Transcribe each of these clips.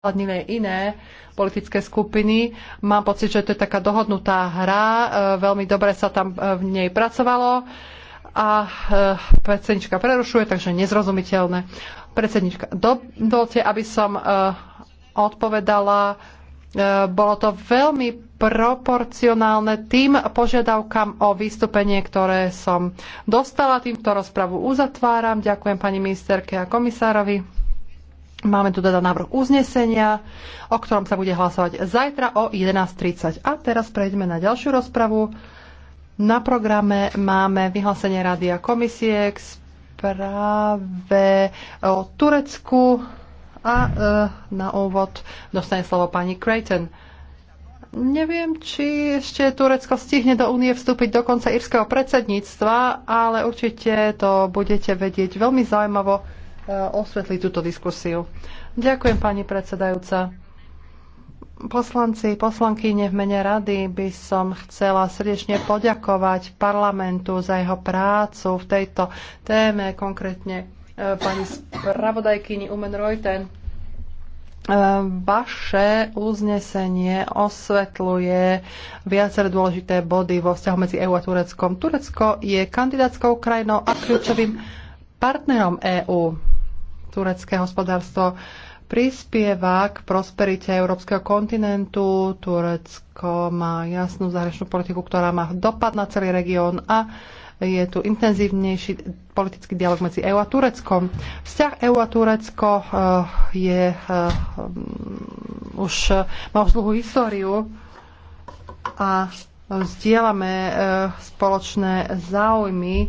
zohľadnené iné politické skupiny. Mám pocit, že to je taká dohodnutá hra, e, veľmi dobre sa tam e, v nej pracovalo a e, predsednička prerušuje, takže nezrozumiteľné. Predsednička, dovolte, aby som odpovedala. Bolo to veľmi proporcionálne tým požiadavkám o vystúpenie, ktoré som dostala. Týmto rozpravu uzatváram. Ďakujem pani ministerke a komisárovi. Máme tu teda návrh uznesenia, o ktorom sa bude hlasovať zajtra o 11.30. A teraz prejdeme na ďalšiu rozpravu. Na programe máme vyhlásenie Rady a komisie k správe o Turecku a e, na úvod dostane slovo pani Creighton. Neviem, či ešte Turecko stihne do únie vstúpiť do konca írskeho predsedníctva, ale určite to budete vedieť veľmi zaujímavo E, osvetli túto diskusiu. Ďakujem, pani predsedajúca. Poslanci, poslankyne v mene rady by som chcela srdečne poďakovať parlamentu za jeho prácu v tejto téme, konkrétne e, pani spravodajkyni Umen Reuten. E, vaše uznesenie osvetľuje viaceré dôležité body vo vzťahu medzi EÚ a Tureckom. Turecko je kandidátskou krajinou a kľúčovým partnerom EÚ turecké hospodárstvo prispieva k prosperite európskeho kontinentu. Turecko má jasnú zahraničnú politiku, ktorá má dopad na celý región a je tu intenzívnejší politický dialog medzi EU a Tureckom. Vzťah EU a Turecko eh, je eh, mm, už, eh, má už dlhú históriu a vzdielame spoločné záujmy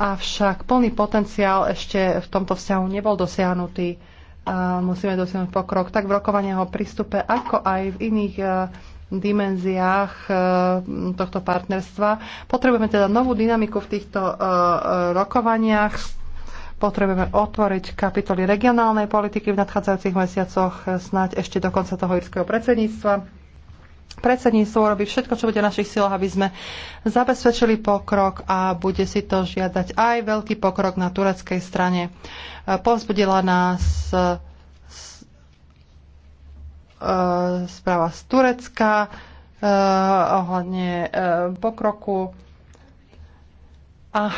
avšak plný potenciál ešte v tomto vzťahu nebol dosiahnutý. Musíme dosiahnuť pokrok tak v rokovaniach o prístupe, ako aj v iných e, dimenziách e, tohto partnerstva. Potrebujeme teda novú dynamiku v týchto e, rokovaniach. Potrebujeme otvoriť kapitoly regionálnej politiky v nadchádzajúcich mesiacoch, snáď ešte do konca toho írskeho predsedníctva Predsedníctvo robí všetko, čo bude v našich silách, aby sme zabezpečili pokrok a bude si to žiadať aj veľký pokrok na tureckej strane. E, povzbudila nás e, e, správa z Turecka ohľadne pokroku a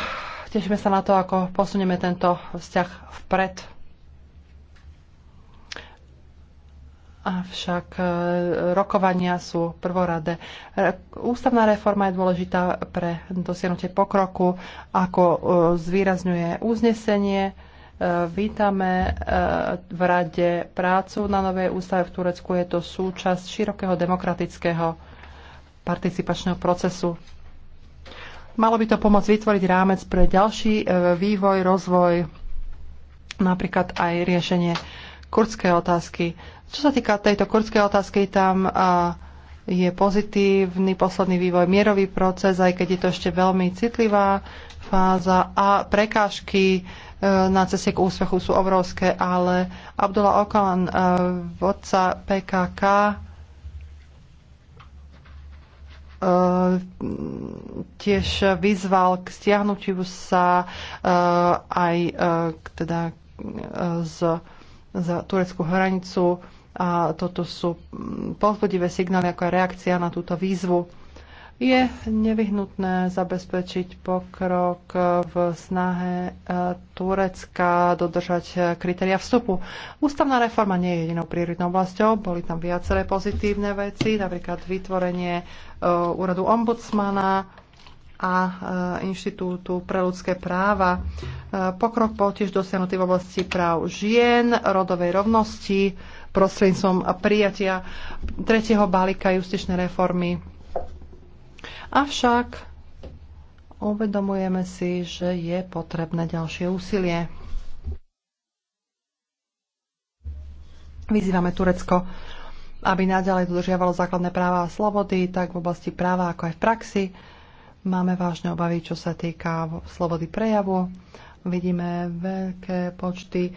tešíme sa na to, ako posunieme tento vzťah vpred. Avšak e, rokovania sú prvoradé. E, ústavná reforma je dôležitá pre dosiahnutie pokroku, ako e, zvýrazňuje uznesenie. Vítame v rade prácu na novej ústave v Turecku. Je to súčasť širokého demokratického participačného procesu. Malo by to pomôcť vytvoriť rámec pre ďalší vývoj, rozvoj, napríklad aj riešenie kurdskej otázky. Čo sa týka tejto kurdskej otázky, tam je pozitívny posledný vývoj, mierový proces, aj keď je to ešte veľmi citlivá fáza a prekážky e, na ceste k úspechu sú obrovské, ale Abdullah Okalan e, vodca PKK, e, tiež vyzval k stiahnutiu sa aj teda, z, za tureckú hranicu a toto sú mm, povzbudivé signály ako reakcia na túto výzvu. Je nevyhnutné zabezpečiť pokrok v snahe e, Turecka dodržať e, kritéria vstupu. Ústavná reforma nie je jedinou prioritnou oblasťou. Boli tam viaceré pozitívne veci, napríklad vytvorenie e, úradu ombudsmana a Inštitútu pre ľudské práva. Pokrok bol tiež dosiahnutý v oblasti práv žien, rodovej rovnosti, prostredníctvom prijatia tretieho balíka justičnej reformy. Avšak uvedomujeme si, že je potrebné ďalšie úsilie. Vyzývame Turecko, aby naďalej dodržiavalo základné práva a slobody, tak v oblasti práva ako aj v praxi. Máme vážne obavy, čo sa týka slobody prejavu. Vidíme veľké počty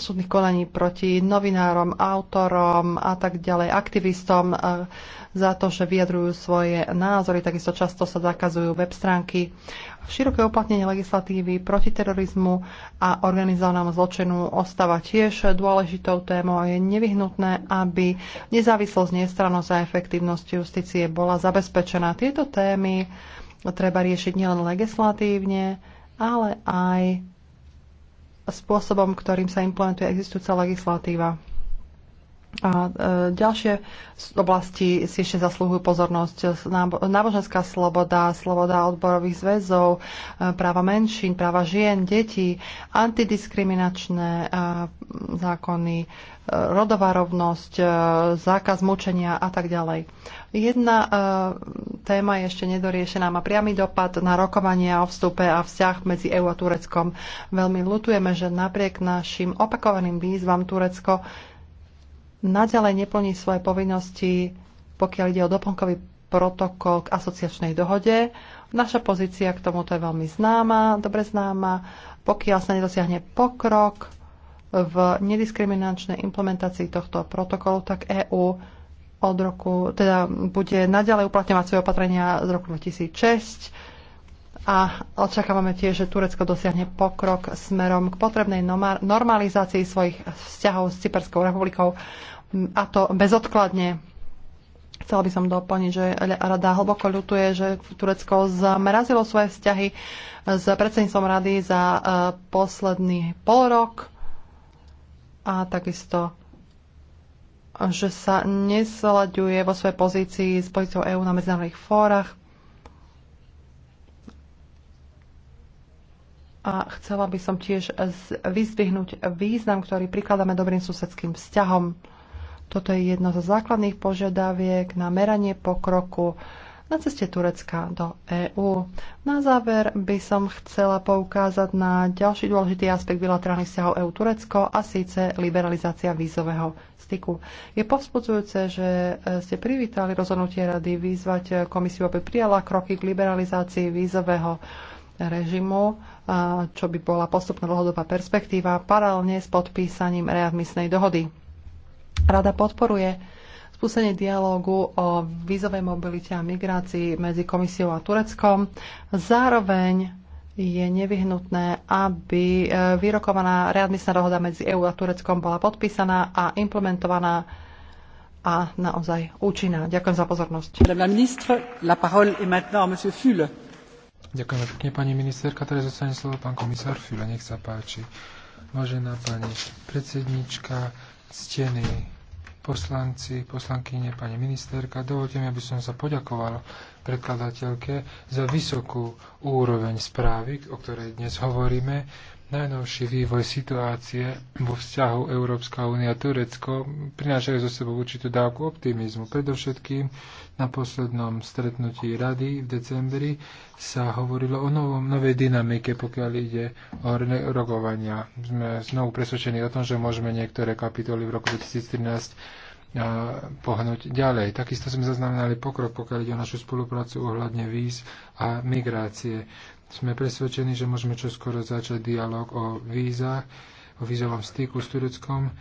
súdnych konaní proti novinárom, autorom a tak ďalej, aktivistom za to, že vyjadrujú svoje názory. Takisto často sa zakazujú web stránky. Široké uplatnenie legislatívy proti terorizmu a organizovanému zločinu ostáva tiež dôležitou témou a je nevyhnutné, aby nezávislosť, nestrannosť a efektívnosť justície bola zabezpečená. Tieto témy treba riešiť nielen legislatívne, ale aj spôsobom, ktorým sa implementuje existujúca legislatíva. A e, ďalšie oblasti si ešte zaslúhujú pozornosť. Náboženská sloboda, sloboda odborových zväzov, e, práva menšín, práva žien, detí, antidiskriminačné e, zákony, rodová rovnosť, zákaz mučenia a tak ďalej. Jedna téma je ešte nedoriešená, má priamy dopad na rokovania o vstupe a vzťah medzi EÚ a Tureckom. Veľmi lutujeme, že napriek našim opakovaným výzvam Turecko naďalej neplní svoje povinnosti, pokiaľ ide o doplnkový protokol k asociačnej dohode. Naša pozícia k tomuto je veľmi známa, dobre známa. Pokiaľ sa nedosiahne pokrok v nediskriminačnej implementácii tohto protokolu, tak EÚ od roku, teda bude naďalej uplatňovať svoje opatrenia z roku 2006 a očakávame tiež, že Turecko dosiahne pokrok smerom k potrebnej normalizácii svojich vzťahov s Cyperskou republikou a to bezodkladne. Chcela by som doplniť, že rada hlboko ľutuje, že Turecko zmrazilo svoje vzťahy s predsedníctvom rady za e, posledný pol rok a takisto že sa neslaďuje vo svojej pozícii s pozíciou EÚ na medzinárodných fórach. A chcela by som tiež vyzdvihnúť význam, ktorý prikladáme dobrým susedským vzťahom. Toto je jedno zo základných požiadaviek na meranie pokroku na ceste Turecka do EÚ. Na záver by som chcela poukázať na ďalší dôležitý aspekt bilaterálnych vzťahov EÚ-Turecko a síce liberalizácia vízového styku. Je povzbudzujúce, že ste privítali rozhodnutie rady vyzvať komisiu, aby prijala kroky k liberalizácii vízového režimu, čo by bola postupná dlhodobá perspektíva paralelne s podpísaním readmisnej dohody. Rada podporuje spúsenie dialógu o vízovej mobilite a migrácii medzi komisiou a Tureckom. Zároveň je nevyhnutné, aby e, vyrokovaná readmisná dohoda medzi EÚ a Tureckom bola podpísaná a implementovaná a naozaj účinná. Ďakujem za pozornosť. Ďakujem pekne, pani ministerka. Teraz zostane slovo pán komisár Füle. Nech sa páči. Vážená pani predsednička, ctený poslanci, poslankyne, pani ministerka. Dovolte mi, aby som sa poďakoval predkladateľke za vysokú úroveň správy, o ktorej dnes hovoríme. Najnovší vývoj situácie vo vzťahu Európska únia a Turecko prinášajú zo sebou určitú dávku optimizmu. Predovšetkým na poslednom stretnutí rady v decembri sa hovorilo o novom, novej dynamike, pokiaľ ide o rokovania. Sme znovu presvedčení o tom, že môžeme niektoré kapitoly v roku 2013 a pohnúť ďalej. Takisto sme zaznamenali pokrok, pokiaľ ide o našu spoluprácu ohľadne víz a migrácie. Sme presvedčení, že môžeme čoskoro začať dialog o vízach, o vízovom styku s Tureckom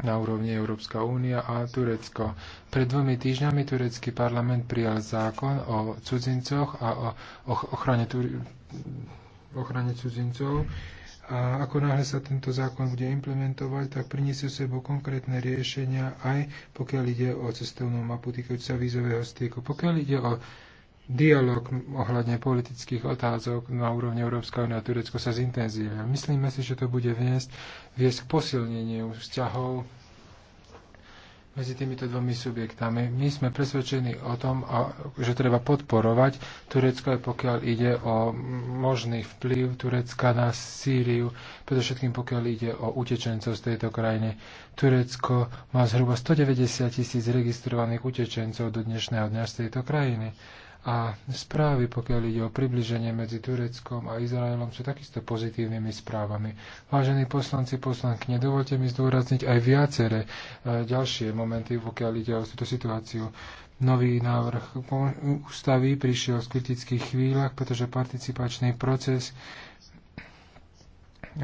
na úrovni Európska únia a Turecko. Pred dvomi týždňami turecký parlament prijal zákon o cudzincoch a o ochrane, ochrane cudzincov. A ako náhle sa tento zákon bude implementovať, tak priniesie sebou konkrétne riešenia aj pokiaľ ide o cestovnú mapu týkajúca vízového styku. Pokiaľ ide o dialog ohľadne politických otázok na úrovni Európskej únie a Turecko sa zintenzívia. Myslíme si, že to bude viesť, viesť k posilneniu vzťahov medzi týmito dvomi subjektami. My sme presvedčení o tom, že treba podporovať Turecko, aj pokiaľ ide o možný vplyv Turecka na Sýriu, predovšetkým pokiaľ ide o utečencov z tejto krajiny. Turecko má zhruba 190 tisíc registrovaných utečencov do dnešného dňa z tejto krajiny. A správy, pokiaľ ide o približenie medzi Tureckom a Izraelom, sú takisto pozitívnymi správami. Vážení poslanci, poslankyne, dovolte mi zdôrazniť aj viaceré e, ďalšie momenty, pokiaľ ide o túto situáciu. Nový návrh ústavy prišiel v kritických chvíľach, pretože participačný proces e,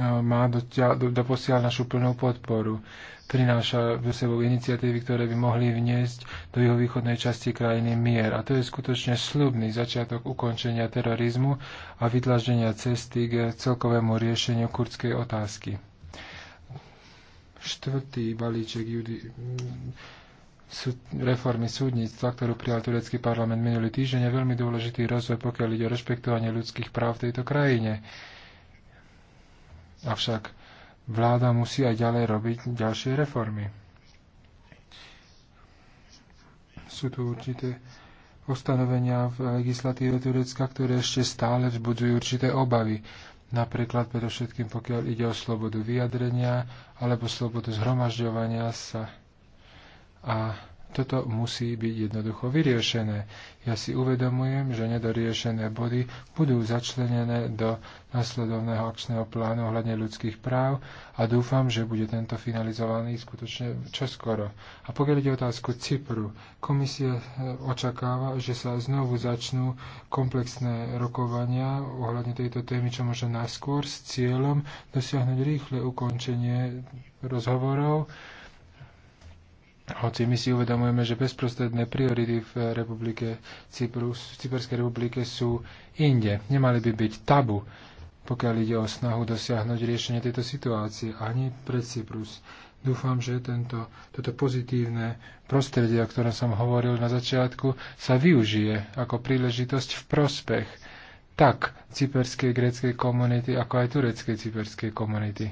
má doposiaľ do, do našu plnú podporu prináša do sebou iniciatívy, ktoré by mohli vniesť do jeho východnej časti krajiny mier. A to je skutočne slubný začiatok ukončenia terorizmu a vydlaždenia cesty k celkovému riešeniu kurdskej otázky. Štvrtý balíček Judy, reformy súdnictva, ktorú prijal turecký parlament minulý týždeň, je veľmi dôležitý rozvoj, pokiaľ ide o rešpektovanie ľudských práv v tejto krajine. Avšak vláda musí aj ďalej robiť ďalšie reformy. Sú tu určité ustanovenia v legislatíve Turecka, ktoré ešte stále vzbudzujú určité obavy. Napríklad predovšetkým, pokiaľ ide o slobodu vyjadrenia alebo slobodu zhromažďovania sa. A toto musí byť jednoducho vyriešené. Ja si uvedomujem, že nedoriešené body budú začlenené do nasledovného akčného plánu ohľadne ľudských práv a dúfam, že bude tento finalizovaný skutočne čoskoro. A pokiaľ ide otázku Cypru, komisia eh, očakáva, že sa znovu začnú komplexné rokovania ohľadne tejto témy, čo možno najskôr s cieľom dosiahnuť rýchle ukončenie rozhovorov hoci my si uvedomujeme, že bezprostredné priority v republike Cyprus, v Cyperskej republike sú inde. Nemali by byť tabu, pokiaľ ide o snahu dosiahnuť riešenie tejto situácie ani pre Cyprus. Dúfam, že tento, toto pozitívne prostredie, o ktorom som hovoril na začiatku, sa využije ako príležitosť v prospech tak cyperskej gréckej komunity, ako aj tureckej cyperskej komunity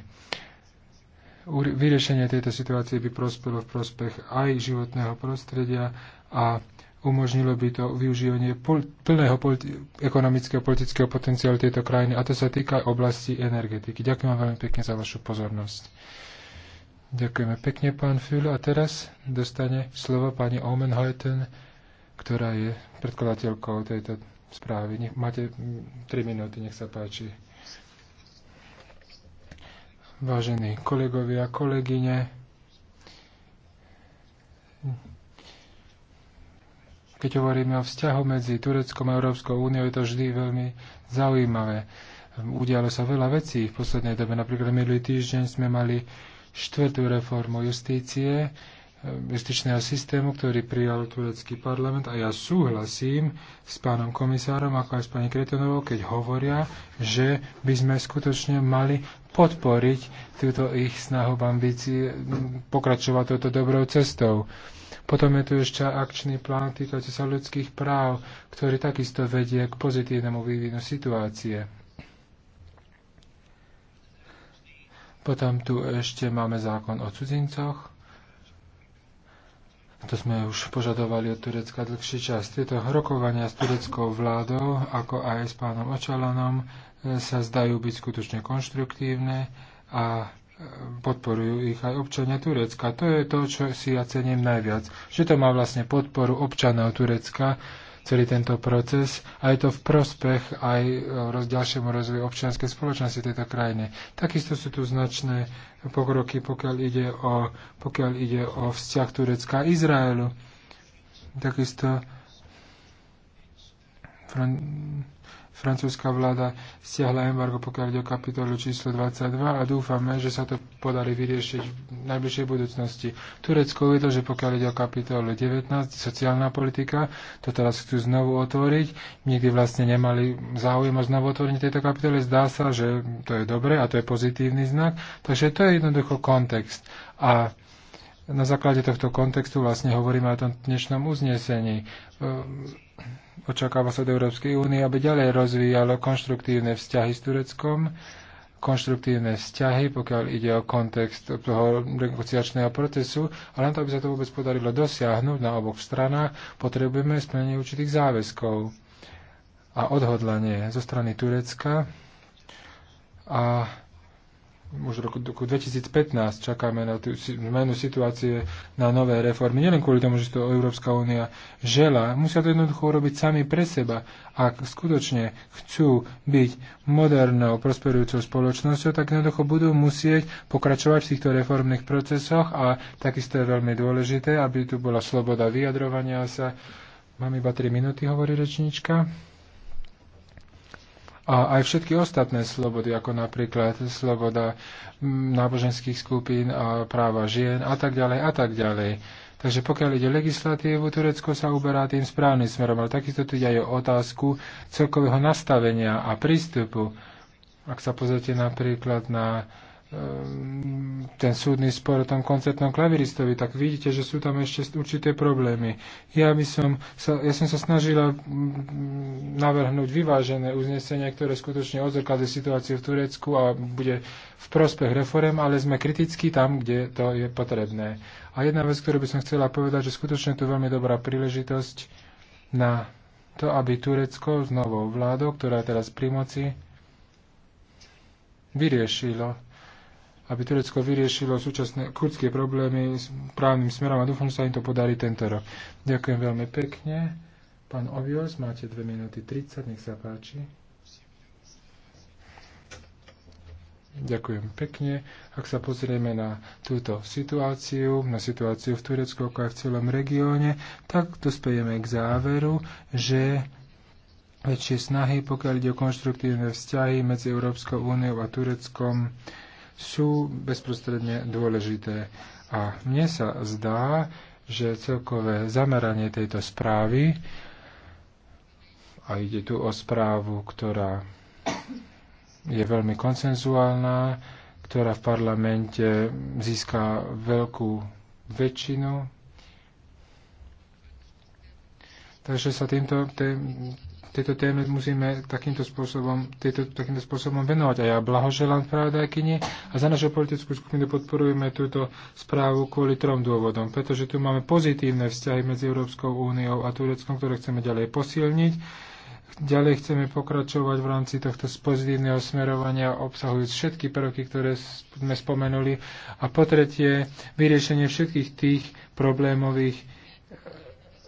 vyriešenie tejto situácie by prospelo v prospech aj životného prostredia a umožnilo by to využívanie pol, plného politi- ekonomického politického potenciálu tejto krajiny a to sa týka aj oblasti energetiky. Ďakujem vám veľmi pekne za vašu pozornosť. Ďakujeme pekne, pán Fül. A teraz dostane slovo pani Omenheuten, ktorá je predkladateľkou tejto správy. Nech, máte 3 minúty, nech sa páči vážení kolegovia, kolegyne. Keď hovoríme o vzťahu medzi Tureckom a Európskou úniou, je to vždy veľmi zaujímavé. Udialo sa veľa vecí v poslednej dobe. Napríklad minulý týždeň sme mali štvrtú reformu justície, eh, justičného systému, ktorý prijal turecký parlament a ja súhlasím s pánom komisárom ako aj s pani Kretonovou, keď hovoria, že by sme skutočne mali podporiť túto ich snahu v ambícii pokračovať touto dobrou cestou. Potom je tu ešte akčný plán týkajúci sa ľudských práv, ktorý takisto vedie k pozitívnemu vývinu situácie. Potom tu ešte máme zákon o cudzincoch. To sme už požadovali od Turecka dlhší čas. Tieto rokovania s tureckou vládou, ako aj s pánom Očalanom, sa zdajú byť skutočne konštruktívne a e, podporujú ich aj občania Turecka. To je to, čo si ja cením najviac. Že to má vlastne podporu občanov Turecka, celý tento proces a je to v prospech aj e, roz, ďalšiemu rozvoju občianskej spoločnosti tejto krajine. Takisto sú tu značné pokroky, pokiaľ ide o, pokiaľ ide o vzťah Turecka a Izraelu. Takisto francúzska vláda stiahla embargo, pokiaľ ide o kapitolu číslo 22 a dúfame, že sa to podarí vyriešiť v najbližšej budúcnosti. Turecko uvedlo, že pokiaľ ide o kapitolu 19, sociálna politika, to teraz chcú znovu otvoriť. Nikdy vlastne nemali záujem o znovu otvorenie tejto kapitole. Zdá sa, že to je dobre a to je pozitívny znak. Takže to je jednoducho kontext. A na základe tohto kontextu vlastne hovoríme o tom dnešnom uznesení očakáva sa od Európskej únie, aby ďalej rozvíjalo konštruktívne vzťahy s Tureckom, konštruktívne vzťahy, pokiaľ ide o kontext toho negociačného procesu, ale na to, aby sa to vôbec podarilo dosiahnuť na oboch stranách, potrebujeme splnenie určitých záväzkov a odhodlanie zo strany Turecka a už roku, roku 2015 čakáme na tú zmenu situácie, na nové reformy. Nielen kvôli tomu, že to Európska únia žela. Musia to jednoducho urobiť sami pre seba. Ak skutočne chcú byť modernou, prosperujúcou spoločnosťou, tak jednoducho budú musieť pokračovať v týchto reformných procesoch a takisto je veľmi dôležité, aby tu bola sloboda vyjadrovania sa. Mám iba 3 minúty, hovorí rečníčka a aj všetky ostatné slobody, ako napríklad sloboda náboženských skupín a práva žien a tak ďalej a tak ďalej. Takže pokiaľ ide legislatívu, Turecko sa uberá tým správnym smerom, ale takisto tu ide aj o otázku celkového nastavenia a prístupu. Ak sa pozrite napríklad na Ehm, ten súdny spor o tom koncertnom klaviristovi, tak vidíte, že sú tam ešte určité problémy. Ja, by som sa, ja som sa snažila mm, navrhnúť vyvážené uznesenie, ktoré skutočne odzrkadlí situáciu v Turecku a bude v prospech reform, ale sme kritickí tam, kde to je potrebné. A jedna vec, ktorú by som chcela povedať, že skutočne je veľmi dobrá príležitosť na to, aby Turecko s novou vládou, ktorá je teraz pri moci, vyriešilo aby Turecko vyriešilo súčasné kurdské problémy s právnym smerom a dúfam, že sa im to podarí tento rok. Ďakujem veľmi pekne. Pán Ovios, máte 2 minúty 30, nech sa páči. Ďakujem pekne. Ak sa pozrieme na túto situáciu, na situáciu v Turecku ako aj v celom regióne, tak dospejeme k záveru, že väčšie snahy, pokiaľ ide o konštruktívne vzťahy medzi Európskou úniou a Tureckom, sú bezprostredne dôležité. A mne sa zdá, že celkové zameranie tejto správy, a ide tu o správu, ktorá je veľmi konsenzuálna, ktorá v parlamente získa veľkú väčšinu. Takže sa týmto, tým, tejto téme musíme takýmto spôsobom, tejto, takýmto spôsobom venovať. A ja blahoželám spravodajkyni a za našu politickú skupinu podporujeme túto správu kvôli trom dôvodom. Pretože tu máme pozitívne vzťahy medzi Európskou úniou a Tureckom, ktoré chceme ďalej posilniť. Ďalej chceme pokračovať v rámci tohto pozitívneho smerovania obsahujúc všetky prvky, ktoré sme spomenuli. A po tretie, vyriešenie všetkých tých problémových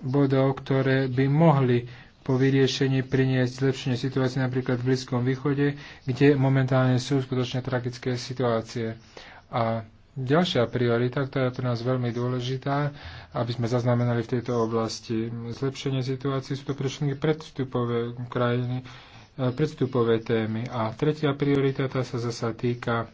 bodov, ktoré by mohli po vyriešení priniesť zlepšenie situácie napríklad v Blízkom východe, kde momentálne sú skutočne tragické situácie. A Ďalšia priorita, ktorá je pre nás veľmi dôležitá, aby sme zaznamenali v tejto oblasti zlepšenie situácie, sú to všetky predstupové krajiny, e, predstupové témy. A tretia priorita, tá sa zasa týka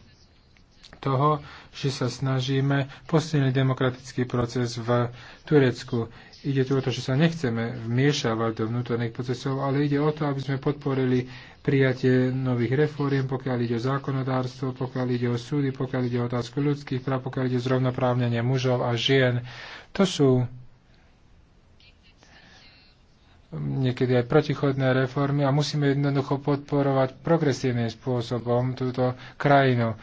toho, že sa snažíme posilniť demokratický proces v Turecku. Ide tu o to, že sa nechceme vmiešavať do vnútorných procesov, ale ide o to, aby sme podporili prijatie nových reforiem, pokiaľ ide o zákonodárstvo, pokiaľ ide o súdy, pokiaľ ide o otázku ľudských práv, pokiaľ ide o zrovnoprávnenie mužov a žien. To sú niekedy aj protichodné reformy a musíme jednoducho podporovať progresívnym spôsobom túto krajinu.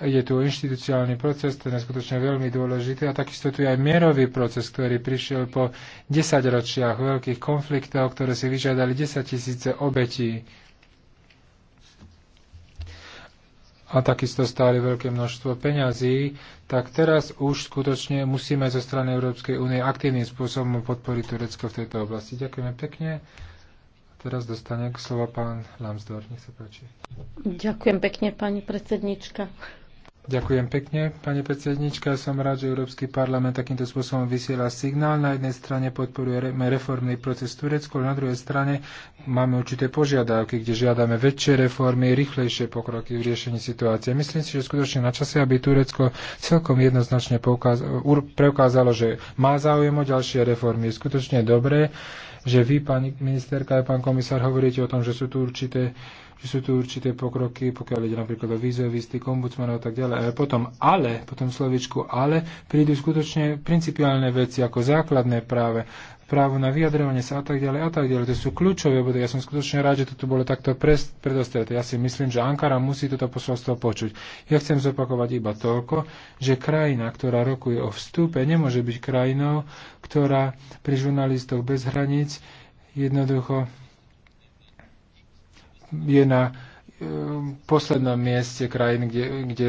Je tu o inštitucionálny proces, ten je skutočne veľmi dôležitý a takisto tu je aj mierový proces, ktorý prišiel po desaťročiach veľkých konfliktov, ktoré si vyžiadali 10 tisíce obetí. a takisto stáli veľké množstvo peňazí, tak teraz už skutočne musíme zo strany Európskej únie aktívnym spôsobom podporiť Turecko v tejto oblasti. Ďakujeme pekne. Teraz dostane k slova pán Lambsdor. Nech sa páči. Ďakujem pekne, pani predsednička. Ďakujem pekne, pani predsednička. Som rád, že Európsky parlament takýmto spôsobom vysiela signál. Na jednej strane podporujeme reformný proces Turecku, na druhej strane máme určité požiadavky, kde žiadame väčšie reformy, rýchlejšie pokroky v riešení situácie. Myslím si, že skutočne na čase, aby Turecko celkom jednoznačne preukázalo, že má záujem o ďalšie reformy. Je skutočne dobré, že vy, pani ministerka a pán komisár, hovoríte o tom, že sú tu určité že sú tu určité pokroky, pokiaľ ide napríklad o vízový styk, ombudsmanov a tak ďalej. Ale potom ale, potom slovičku ale, prídu skutočne principiálne veci ako základné práve, právo na vyjadrovanie sa a tak ďalej a tak ďalej. To sú kľúčové body. Ja som skutočne rád, že toto bolo takto predostreté. Ja si myslím, že Ankara musí toto posolstvo počuť. Ja chcem zopakovať iba toľko, že krajina, ktorá rokuje o vstupe, nemôže byť krajinou, ktorá pri žurnalistoch bez hraníc jednoducho je na e, poslednom mieste krajín, kde, kde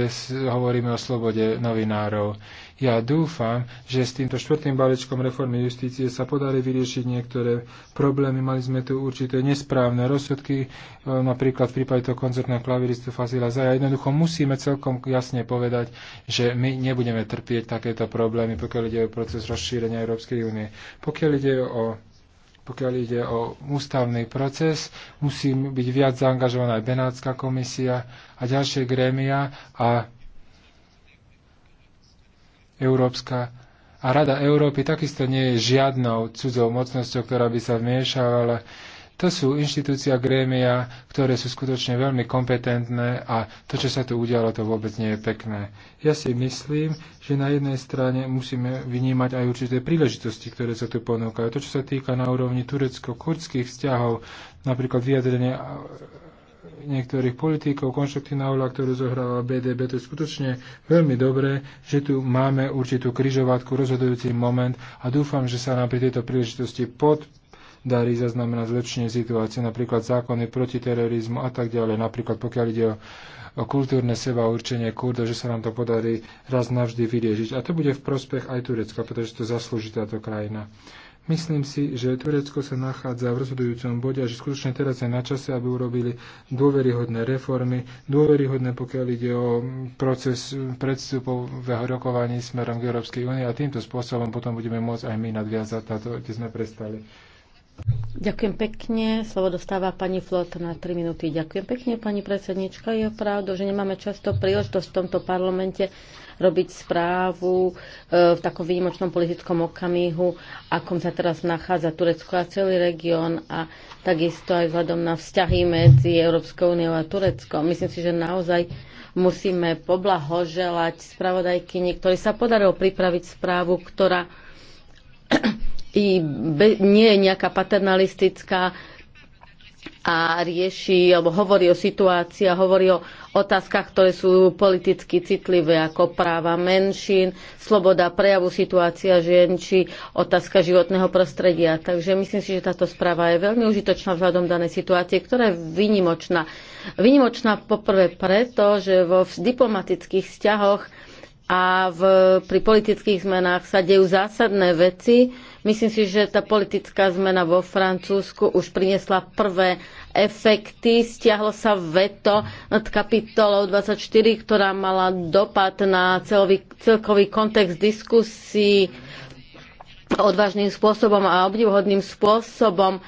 hovoríme o slobode novinárov. Ja dúfam, že s týmto štvrtým balíčkom reformy justície sa podarí vyriešiť niektoré problémy. Mali sme tu určité nesprávne rozsudky, e, napríklad v prípade toho koncertného klaviristu Fazila Zaja. Jednoducho musíme celkom jasne povedať, že my nebudeme trpieť takéto problémy, pokiaľ ide o proces rozšírenia Európskej únie. Pokiaľ ide o pokiaľ ide o ústavný proces, musí byť viac zaangažovaná aj Benátska komisia a ďalšie grémia a Európska a Rada Európy takisto nie je žiadnou cudzou mocnosťou, ktorá by sa vmiešavala to sú inštitúcia grémia, ktoré sú skutočne veľmi kompetentné a to, čo sa tu udialo, to vôbec nie je pekné. Ja si myslím, že na jednej strane musíme vnímať aj určité príležitosti, ktoré sa tu ponúkajú. To, čo sa týka na úrovni turecko-kurdských vzťahov, napríklad vyjadrenie niektorých politikov, konštruktívna úloha, ktorú zohráva BDB. To je skutočne veľmi dobré, že tu máme určitú kryžovatku, rozhodujúci moment a dúfam, že sa nám pri tejto príležitosti pod darí zaznamenať zlepšenie situácie, napríklad zákony proti terorizmu a tak ďalej. Napríklad pokiaľ ide o, o kultúrne seba určenie Kurdov, že sa nám to podarí raz navždy vyriešiť. A to bude v prospech aj Turecka, pretože to zaslúži táto krajina. Myslím si, že Turecko sa nachádza v rozhodujúcom bode a že skutočne teraz je na čase, aby urobili dôveryhodné reformy, dôveryhodné, pokiaľ ide o proces predstupového rokovania smerom k Európskej únie a týmto spôsobom potom budeme môcť aj my nadviazať na to, kde sme prestali. Ďakujem pekne. Slovo dostáva pani Flot na 3 minúty. Ďakujem pekne, pani predsednička. Je pravda, že nemáme často príležitosť v tomto parlamente robiť správu e, v takom výnimočnom politickom okamihu, akom sa teraz nachádza Turecko a celý región a takisto aj vzhľadom na vzťahy medzi Európskou úniou a Tureckom. Myslím si, že naozaj musíme poblahoželať spravodajky, ktorý sa podarilo pripraviť správu, ktorá i be, nie je nejaká paternalistická a rieši alebo hovorí o situácii a hovorí o otázkach, ktoré sú politicky citlivé, ako práva menšín, sloboda prejavu situácia žien či otázka životného prostredia. Takže myslím si, že táto správa je veľmi užitočná vzhľadom danej situácie, ktorá je výnimočná. Vynimočná poprvé preto, že vo diplomatických vzťahoch a v, pri politických zmenách sa dejú zásadné veci. Myslím si, že tá politická zmena vo Francúzsku už priniesla prvé efekty. Stiahlo sa veto nad kapitolou 24, ktorá mala dopad na celový, celkový kontext diskusí odvážnym spôsobom a obdivhodným spôsobom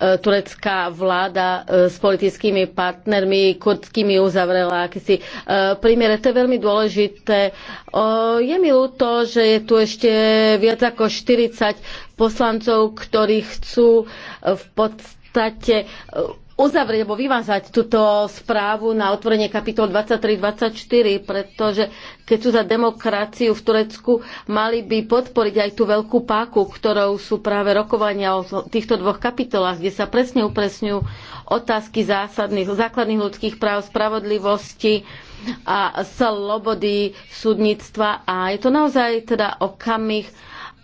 E, turecká vláda e, s politickými partnermi kurdskými uzavrela akýsi e, Primere, To je veľmi dôležité. Je mi ľúto, že je tu ešte viac ako 40 poslancov, ktorí chcú v podstate uzavrieť alebo vyvázať túto správu na otvorenie kapitol 23-24, pretože keď sú za demokraciu v Turecku, mali by podporiť aj tú veľkú páku, ktorou sú práve rokovania o týchto dvoch kapitolách, kde sa presne upresňujú otázky zásadných, základných ľudských práv, spravodlivosti a slobody súdnictva. A je to naozaj teda okamih,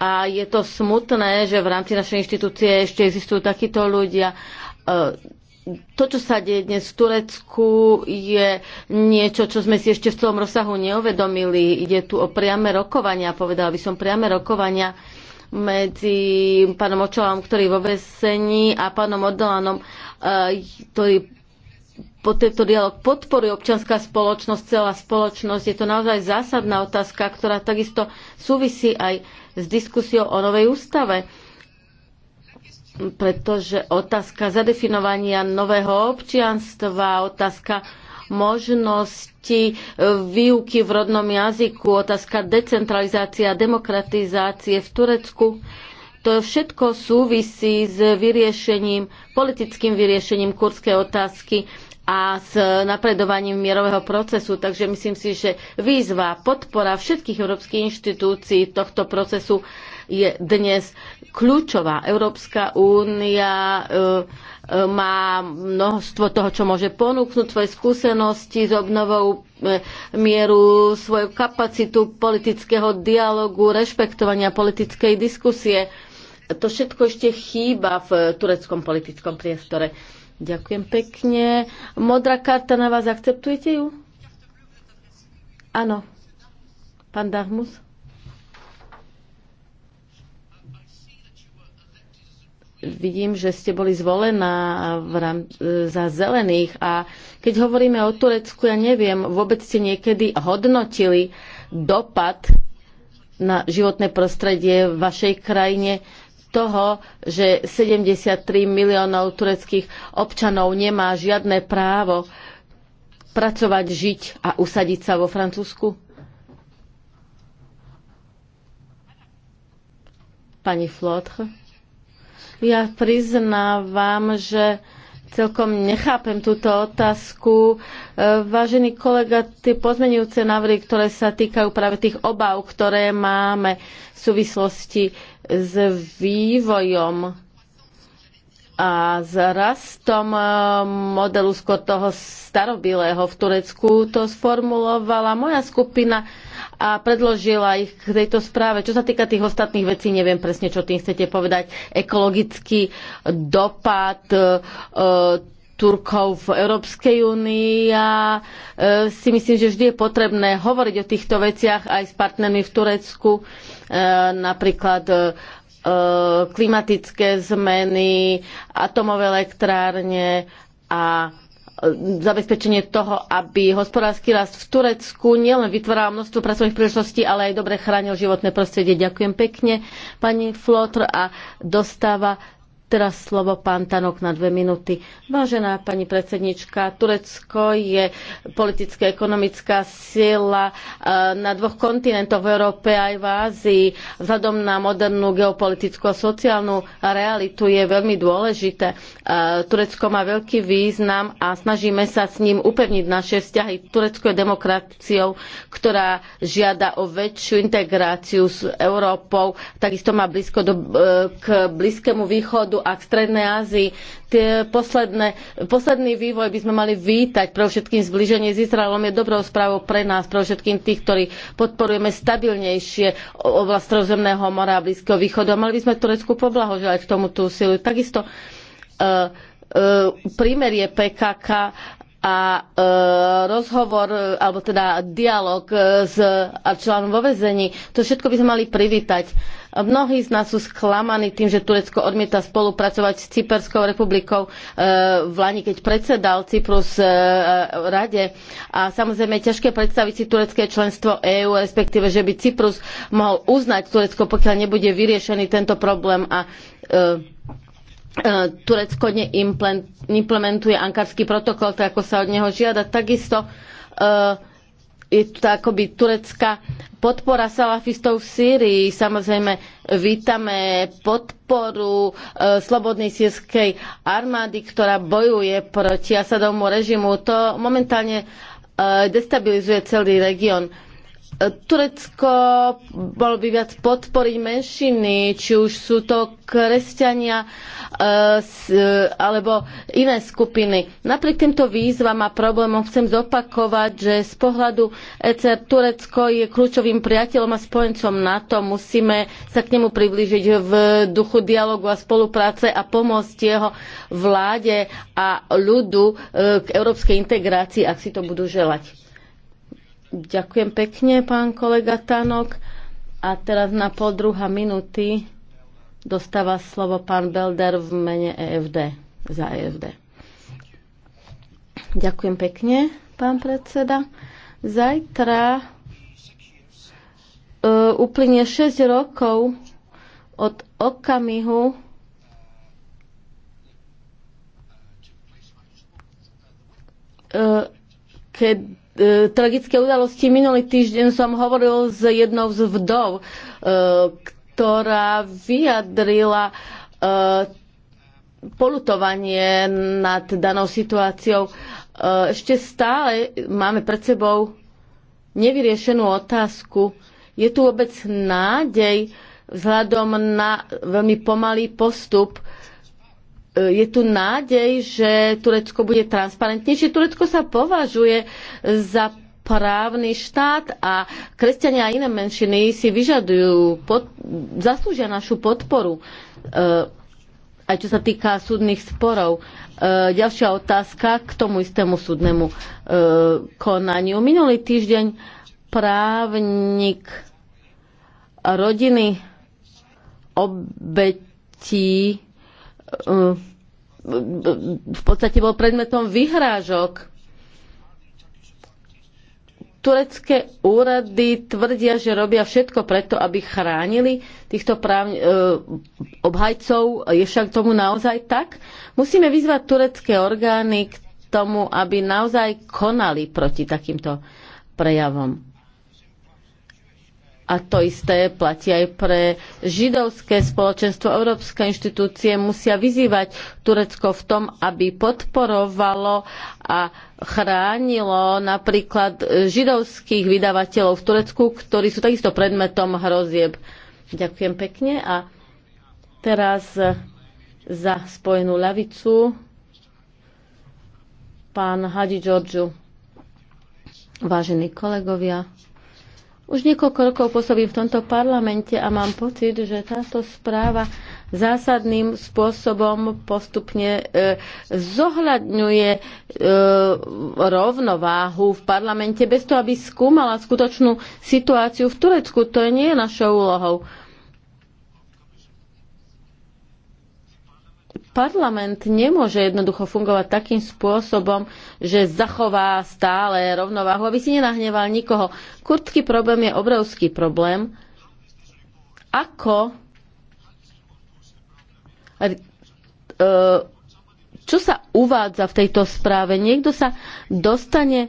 a je to smutné, že v rámci našej inštitúcie ešte existujú takíto ľudia. E, to, čo sa deje dnes v Turecku, je niečo, čo sme si ešte v celom rozsahu neuvedomili. Ide tu o priame rokovania, povedala by som priame rokovania medzi pánom Očovom, ktorý je vo vesení a pánom Odolanom, eh, ktorý po tento dialog podporuje občianská spoločnosť, celá spoločnosť. Je to naozaj zásadná otázka, ktorá takisto súvisí aj s diskusiou o novej ústave pretože otázka zadefinovania nového občianstva, otázka možnosti výuky v rodnom jazyku, otázka decentralizácie a demokratizácie v Turecku. To všetko súvisí s vyriešením, politickým vyriešením kurskej otázky a s napredovaním mierového procesu. Takže myslím si, že výzva, podpora všetkých európskych inštitúcií tohto procesu je dnes kľúčová. Európska únia e, e, má množstvo toho, čo môže ponúknuť, svoje skúsenosti s obnovou e, mieru, svoju kapacitu politického dialogu, rešpektovania politickej diskusie. To všetko ešte chýba v tureckom politickom priestore. Ďakujem pekne. Modrá karta na vás, akceptujete ju? Áno. Pán Dahmus? vidím, že ste boli zvolená v rám- za zelených a keď hovoríme o Turecku, ja neviem, vôbec ste niekedy hodnotili dopad na životné prostredie v vašej krajine toho, že 73 miliónov tureckých občanov nemá žiadne právo pracovať, žiť a usadiť sa vo Francúzsku? Pani Flotre? Ja priznávam, že celkom nechápem túto otázku. E, vážený kolega, tie pozmenujúce návrhy, ktoré sa týkajú práve tých obav, ktoré máme v súvislosti s vývojom a s rastom e, modelu skôr toho starobilého v Turecku, to sformulovala moja skupina a predložila ich k tejto správe. Čo sa týka tých ostatných vecí, neviem presne, čo tým chcete povedať. Ekologický dopad e, e Turkov v Európskej únii a e, si myslím, že vždy je potrebné hovoriť o týchto veciach aj s partnermi v Turecku, e, napríklad e, e klimatické zmeny, atomové elektrárne a zabezpečenie toho, aby hospodársky rast v Turecku nielen vytváral množstvo pracovných príležitostí, ale aj dobre chránil životné prostredie. Ďakujem pekne, pani Flotr, a dostáva Teraz slovo pán Tanok na dve minúty. Vážená pani predsednička, Turecko je politická, ekonomická sila e, na dvoch kontinentoch v Európe aj v Ázii. Vzhľadom na modernú geopolitickú a sociálnu realitu je veľmi dôležité. E, Turecko má veľký význam a snažíme sa s ním upevniť naše vzťahy. Turecko je demokraciou, ktorá žiada o väčšiu integráciu s Európou. Takisto má blízko do, e, k Blízkému východu východu a k strednej Ázii. Tie posledné, posledný vývoj by sme mali vítať. Pre všetkým zbliženie s Izraelom je dobrou správou pre nás, pre všetkým tých, ktorí podporujeme stabilnejšie oblast rozemného mora a Blízkeho východu. A mali by sme Turecku poblahoželať k tomuto úsiliu. Takisto uh, e, uh, e, prímerie PKK a e, rozhovor, alebo teda dialog e, s členom vo vezení, to všetko by sme mali privítať. Mnohí z nás sú sklamaní tým, že Turecko odmieta spolupracovať s Cyperskou republikou e, v Lani, keď predsedal Cyprus e, e, rade. A samozrejme je ťažké predstaviť si turecké členstvo EÚ, respektíve, že by Cyprus mohol uznať Turecko, pokiaľ nebude vyriešený tento problém a Turecko neimplementuje ankarský protokol, tak ako sa od neho žiada. Takisto je tu tá akoby turecká podpora salafistov v Sýrii. Samozrejme, vítame podporu e, Slobodnej sírskej armády, ktorá bojuje proti Asadovmu režimu. To momentálne e, destabilizuje celý región. E, Turecko bol by viac podporiť menšiny, či už sú to kresťania e, e, alebo iné skupiny. Napriek týmto výzvam a problémom chcem zopakovať, že z pohľadu ECR Turecko je kľúčovým priateľom a spojencom NATO. Musíme sa k nemu priblížiť v duchu dialogu a spolupráce a pomôcť jeho vláde a ľudu e, k európskej integrácii, ak si to budú želať. Ďakujem pekne, pán kolega Tanok. A teraz na pol druhá minúty dostáva slovo pán Belder v mene EFD, za EFD. Ďakujem pekne, pán predseda. Zajtra uh, uplynie 6 rokov od okamihu, uh, keď E, tragické udalosti. Minulý týždeň som hovoril s jednou z vdov, e, ktorá vyjadrila e, polutovanie nad danou situáciou. Ešte stále máme pred sebou nevyriešenú otázku. Je tu vôbec nádej vzhľadom na veľmi pomalý postup je tu nádej, že Turecko bude transparentnejšie. Turecko sa považuje za právny štát a kresťania a iné menšiny si vyžadujú, pod, zaslúžia našu podporu. E, aj čo sa týka súdnych sporov. E, ďalšia otázka k tomu istému súdnemu e, konaniu. Minulý týždeň právnik rodiny obetí v podstate bol predmetom vyhrážok. Turecké úrady tvrdia, že robia všetko preto, aby chránili týchto práv, e, obhajcov. Je však tomu naozaj tak? Musíme vyzvať turecké orgány k tomu, aby naozaj konali proti takýmto prejavom. A to isté platí aj pre židovské spoločenstvo. Európske inštitúcie musia vyzývať Turecko v tom, aby podporovalo a chránilo napríklad židovských vydavateľov v Turecku, ktorí sú takisto predmetom hrozieb. Ďakujem pekne a teraz za spojenú ľavicu pán Hadi Georgiu. Vážení kolegovia, už niekoľko rokov pôsobím v tomto parlamente a mám pocit, že táto správa zásadným spôsobom postupne e, zohľadňuje e, rovnováhu v parlamente bez toho, aby skúmala skutočnú situáciu v Turecku. To nie je našou úlohou. parlament nemôže jednoducho fungovať takým spôsobom, že zachová stále rovnováhu, aby si nenahneval nikoho. Kurdský problém je obrovský problém. Ako e, čo sa uvádza v tejto správe? Niekto sa dostane e,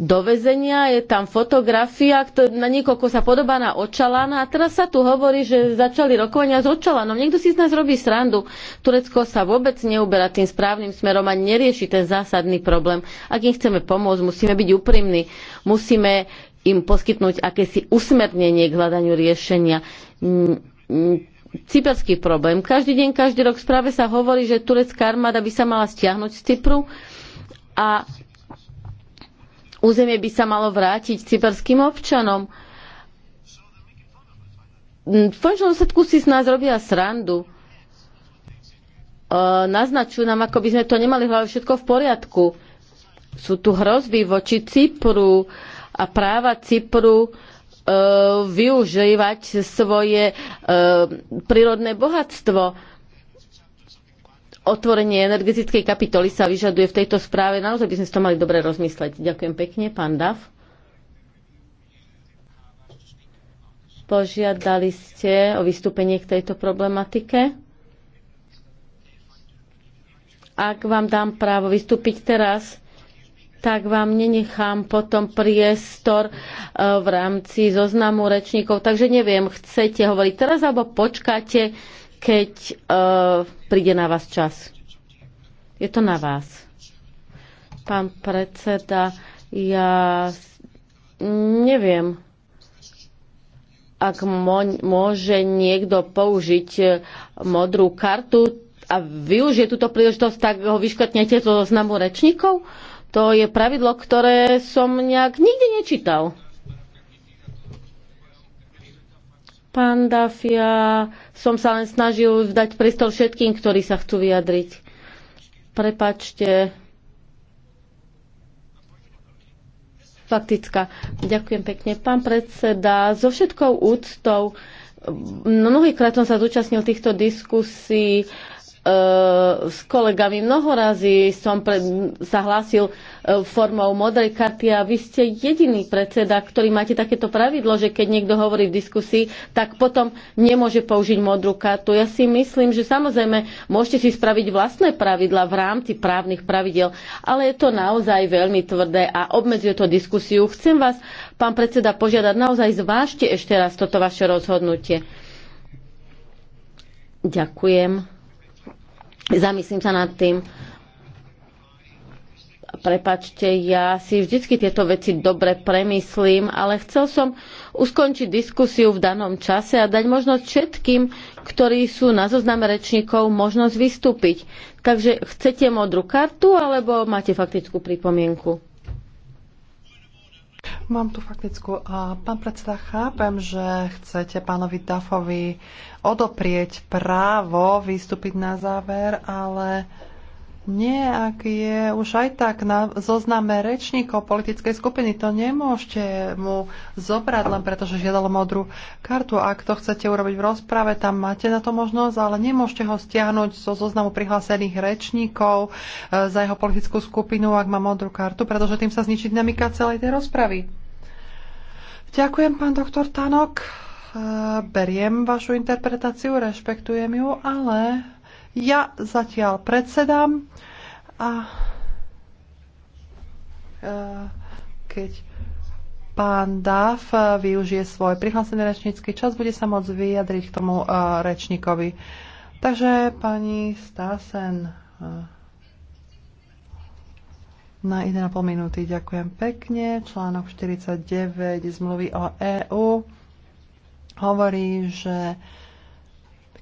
do väzenia, je tam fotografia, ktorá na niekoľko sa podobá na Očalana a teraz sa tu hovorí, že začali rokovania s Očalanom. Niekto si z nás robí srandu. Turecko sa vôbec neuberá tým správnym smerom a nerieši ten zásadný problém. Ak im chceme pomôcť, musíme byť úprimní, musíme im poskytnúť akési usmernenie k hľadaniu riešenia. Mm, mm, cyperský problém. Každý deň, každý rok v správe sa hovorí, že turecká armáda by sa mala stiahnuť z Cypru a územie by sa malo vrátiť cyperským občanom. Mm, v končnom sledku si z nás robia srandu. E, naznačujú nám, ako by sme to nemali hlavne všetko v poriadku. Sú tu hrozby voči Cypru a práva Cypru e, využívať svoje e, prírodné bohatstvo otvorenie energetickej kapitoly sa vyžaduje v tejto správe. Naozaj by sme si to mali dobre rozmyslieť. Ďakujem pekne, pán Dav. Požiadali ste o vystúpenie k tejto problematike. Ak vám dám právo vystúpiť teraz, tak vám nenechám potom priestor e, v rámci zoznamu rečníkov. Takže neviem, chcete hovoriť teraz alebo počkáte, keď uh, príde na vás čas. Je to na vás. Pán predseda, ja neviem, ak môže niekto použiť eh, modrú kartu a využije túto príležitosť, tak ho vyškotnete zo zoznamu rečníkov. To je pravidlo, ktoré som nejak nikdy nečítal. Pán Dafia, som sa len snažil dať priestor všetkým, ktorí sa chcú vyjadriť. Prepačte. Faktická. Ďakujem pekne. Pán predseda, so všetkou úctou, mnohýkrát som sa zúčastnil týchto diskusí E, s kolegami mnoho razy som pre, sa hlásil e, formou modrej karty a vy ste jediný predseda, ktorý máte takéto pravidlo, že keď niekto hovorí v diskusii, tak potom nemôže použiť modrú kartu. Ja si myslím, že samozrejme môžete si spraviť vlastné pravidla v rámci právnych pravidel, ale je to naozaj veľmi tvrdé a obmedzuje to diskusiu. Chcem vás, pán predseda, požiadať, naozaj zvážte ešte raz toto vaše rozhodnutie. Ďakujem. Zamyslím sa nad tým. Prepačte, ja si vždycky tieto veci dobre premyslím, ale chcel som uskončiť diskusiu v danom čase a dať možnosť všetkým, ktorí sú na zozname rečníkov, možnosť vystúpiť. Takže chcete modrú kartu alebo máte faktickú pripomienku? Mám tu faktickú. Pán predseda, chápem, že chcete pánovi Dafovi odoprieť právo vystúpiť na záver, ale nie, ak je už aj tak na zozname rečníkov politickej skupiny, to nemôžete mu zobrať len preto, že žiadal modrú kartu. Ak to chcete urobiť v rozprave, tam máte na to možnosť, ale nemôžete ho stiahnuť zo zoznamu prihlásených rečníkov e, za jeho politickú skupinu, ak má modrú kartu, pretože tým sa zničí dynamika celej tej rozpravy. Ďakujem, pán doktor Tanok. E, beriem vašu interpretáciu, rešpektujem ju, ale ja zatiaľ predsedám a e, keď pán Dáv e, využije svoj prihlásený rečnícky čas, bude sa môcť vyjadriť k tomu e, rečníkovi. Takže pani stásen, na 1,5 minúty ďakujem pekne. Článok 49 zmluvy o EÚ hovorí, že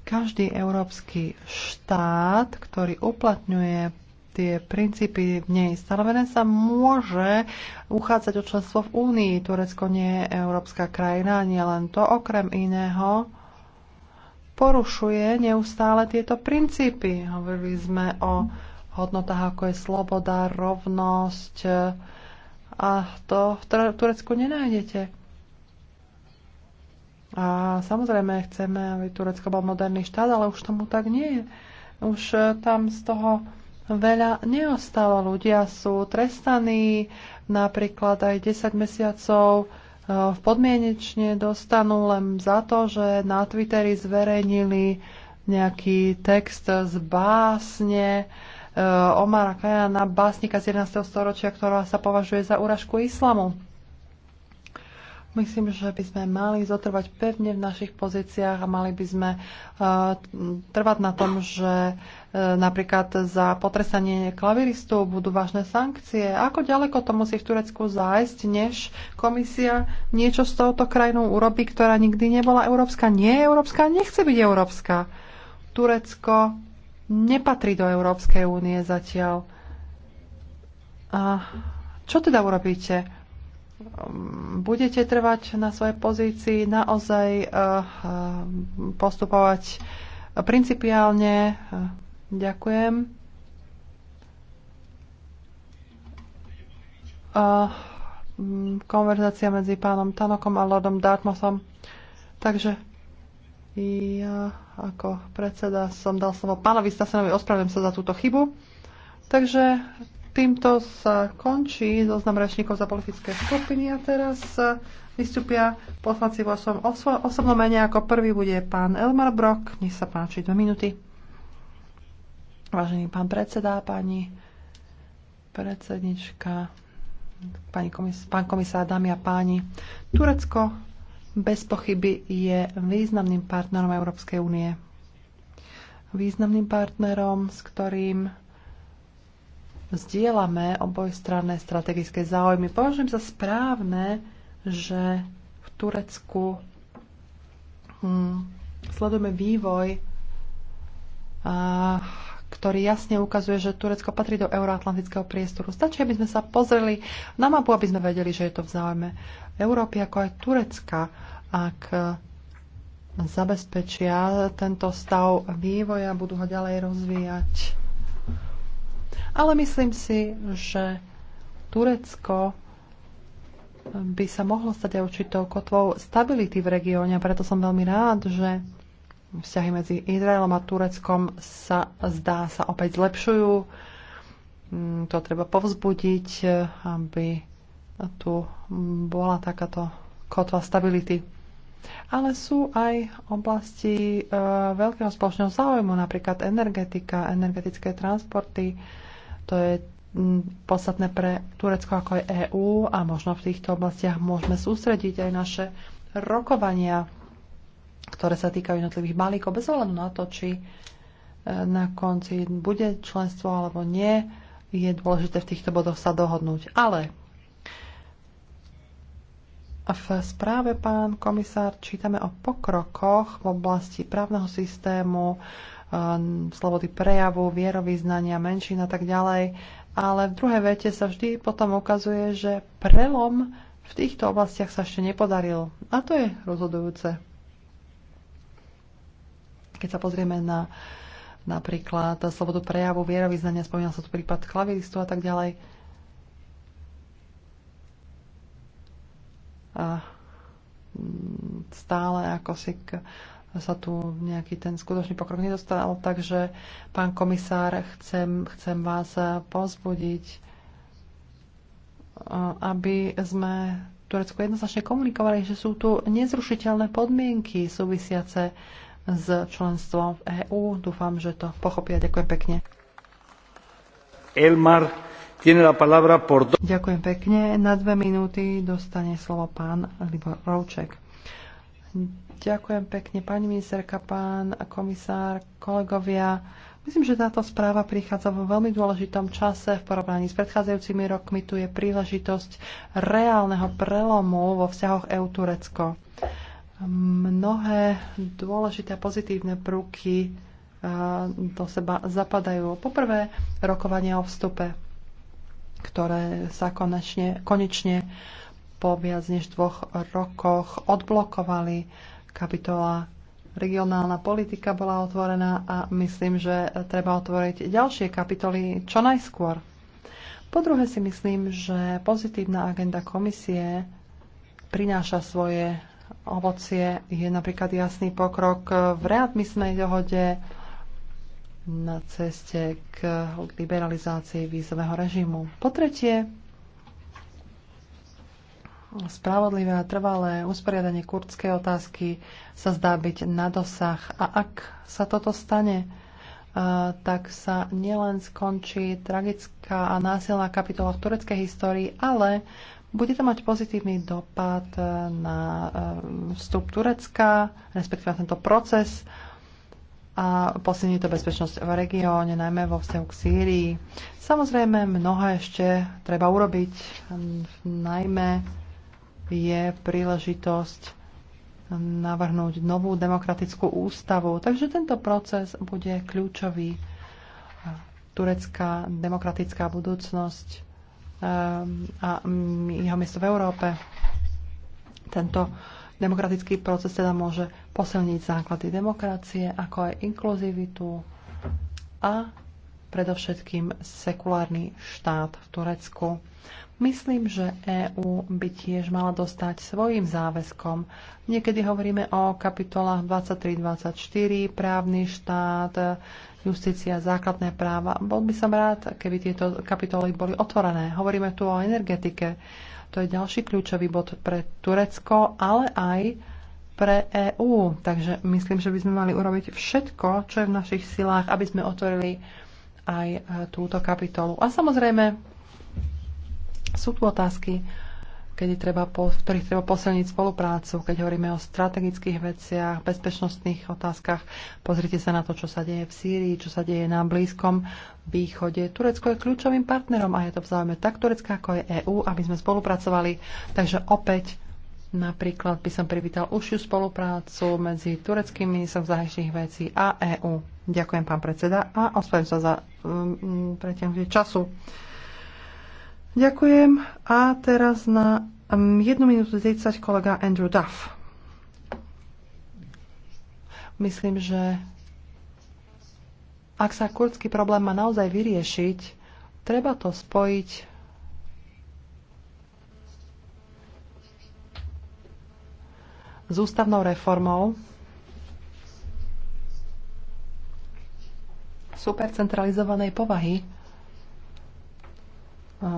každý európsky štát, ktorý uplatňuje tie princípy v nej stanovené sa môže uchádzať o členstvo v Únii. Turecko nie je európska krajina, nie len to, okrem iného porušuje neustále tieto princípy. Hovorili sme o hodnotách ako je sloboda, rovnosť a to v Turecku nenájdete. A samozrejme chceme, aby Turecko bol moderný štát, ale už tomu tak nie je. Už e, tam z toho veľa neostalo. Ľudia sú trestaní, napríklad aj 10 mesiacov e, podmienečne dostanú len za to, že na Twitteri zverejnili nejaký text z básne e, Omara Kajana, básnika z 11. storočia, ktorá sa považuje za úražku islamu. Myslím, že by sme mali zotrvať pevne v našich pozíciách a mali by sme eh, trvať na tom, že eh, napríklad za potresanie klaviristov budú vážne sankcie. Ako ďaleko to musí v Turecku zájsť, než komisia niečo s touto krajinou urobí, ktorá nikdy nebola európska, nie je európska, nechce byť európska. Turecko nepatrí do Európskej únie zatiaľ. A čo teda urobíte? budete trvať na svojej pozícii, naozaj eh, eh, postupovať principiálne. Ďakujem. Eh, konverzácia medzi pánom Tanokom a Lordom Dartmouthom. Takže ja ako predseda som dal slovo pánovi Stasenovi, ospravedlňujem sa za túto chybu. Takže Týmto sa končí zoznam rečníkov za politické skupiny a teraz e, vystúpia poslanci vo svojom osobnom mene. Ako prvý bude pán Elmar Brok. Nech sa páči, dve minúty. Vážený pán predseda, pani predsednička, pani komis- pán komisár, dámy a páni. Turecko bez pochyby je významným partnerom Európskej únie. Významným partnerom, s ktorým zdieľame obojstranné strategické záujmy. Považujem za správne, že v Turecku hm, sledujeme vývoj, a, ktorý jasne ukazuje, že Turecko patrí do euroatlantického priestoru. Stačí, aby sme sa pozreli na mapu, aby sme vedeli, že je to v záujme Európy ako aj Turecka, ak e, zabezpečia tento stav vývoja, budú ho ďalej rozvíjať ale myslím si, že Turecko by sa mohlo stať aj určitou kotvou stability v regióne a preto som veľmi rád, že vzťahy medzi Izraelom a Tureckom sa zdá sa opäť zlepšujú. Mm, to treba povzbudiť, aby tu bola takáto kotva stability ale sú aj oblasti e, veľkého spoločného záujmu, napríklad energetika, energetické transporty. To je m, podstatné pre Turecko ako je EÚ a možno v týchto oblastiach môžeme sústrediť aj naše rokovania, ktoré sa týkajú jednotlivých balíkov, bez ohľadu na to, či e, na konci bude členstvo alebo nie, je dôležité v týchto bodoch sa dohodnúť. Ale v správe, pán komisár, čítame o pokrokoch v oblasti právneho systému, e, slobody prejavu, vierovýznania, menšín a tak ďalej, ale v druhej vete sa vždy potom ukazuje, že prelom v týchto oblastiach sa ešte nepodaril. A to je rozhodujúce. Keď sa pozrieme na napríklad slobodu prejavu, vierovýznania, spomínal sa tu prípad klaviristu a tak ďalej, Mm, stále ako si k, sa tu nejaký ten skutočný pokrok nedostal. Takže, pán komisár, chcem, chcem vás pozbudiť, e, aby sme Turecku jednoznačne komunikovali, že sú tu nezrušiteľné podmienky súvisiace s členstvom v EÚ. Dúfam, že to pochopia. Ďakujem pekne. Elmar Por... Ďakujem pekne. Na dve minúty dostane slovo pán Libor Rovček. Ďakujem pekne, pani ministerka, pán komisár, kolegovia. Myslím, že táto správa prichádza vo veľmi dôležitom čase v porovnaní s predchádzajúcimi rokmi. Tu je príležitosť reálneho prelomu vo vzťahoch EU-Turecko. Mnohé dôležité pozitívne prúky eh, do seba zapadajú. Poprvé, rokovania o vstupe ktoré sa konečne, konečne po viac než dvoch rokoch odblokovali. Kapitola regionálna politika bola otvorená a myslím, že treba otvoriť ďalšie kapitoly čo najskôr. Po druhé si myslím, že pozitívna agenda komisie prináša svoje ovocie. Je napríklad jasný pokrok v readmisnej dohode, na ceste k liberalizácii vízového režimu. Po tretie, spravodlivé a trvalé usporiadanie kurdskej otázky sa zdá byť na dosah. A ak sa toto stane, e, tak sa nielen skončí tragická a násilná kapitola v tureckej histórii, ale bude to mať pozitívny dopad na e, vstup Turecka, respektíve tento proces a posilní to bezpečnosť v regióne, najmä vo vzťahu k Sýrii. Samozrejme, mnoho ešte treba urobiť, najmä je príležitosť navrhnúť novú demokratickú ústavu. Takže tento proces bude kľúčový. Turecká demokratická budúcnosť ehm, a jeho miesto v Európe. Tento Demokratický proces teda môže posilniť základy demokracie, ako aj inkluzivitu a predovšetkým sekulárny štát v Turecku. Myslím, že EÚ by tiež mala dostať svojim záväzkom. Niekedy hovoríme o kapitolách 23-24, právny štát, justícia, základné práva. Bol by som rád, keby tieto kapitoly boli otvorené. Hovoríme tu o energetike to je ďalší kľúčový bod pre Turecko, ale aj pre EÚ. Takže myslím, že by sme mali urobiť všetko, čo je v našich silách, aby sme otvorili aj e, túto kapitolu. A samozrejme, sú tu otázky, kedy treba po, v ktorých treba posilniť spoluprácu, keď hovoríme o strategických veciach, bezpečnostných otázkach. Pozrite sa na to, čo sa deje v Sýrii, čo sa deje na Blízkom východe. Turecko je kľúčovým partnerom a je to v záujme tak Turecka, ako je EÚ, aby sme spolupracovali. Takže opäť napríklad by som privítal užšiu spoluprácu medzi tureckým ministrom zahraničných vecí a EÚ. Ďakujem, pán predseda, a ospravedlňujem sa za um, um pretiahnutie času. Ďakujem. A teraz na 1 um, minútu 30 kolega Andrew Duff. Myslím, že ak sa kurdský problém má naozaj vyriešiť, treba to spojiť s ústavnou reformou, supercentralizovanej povahy E,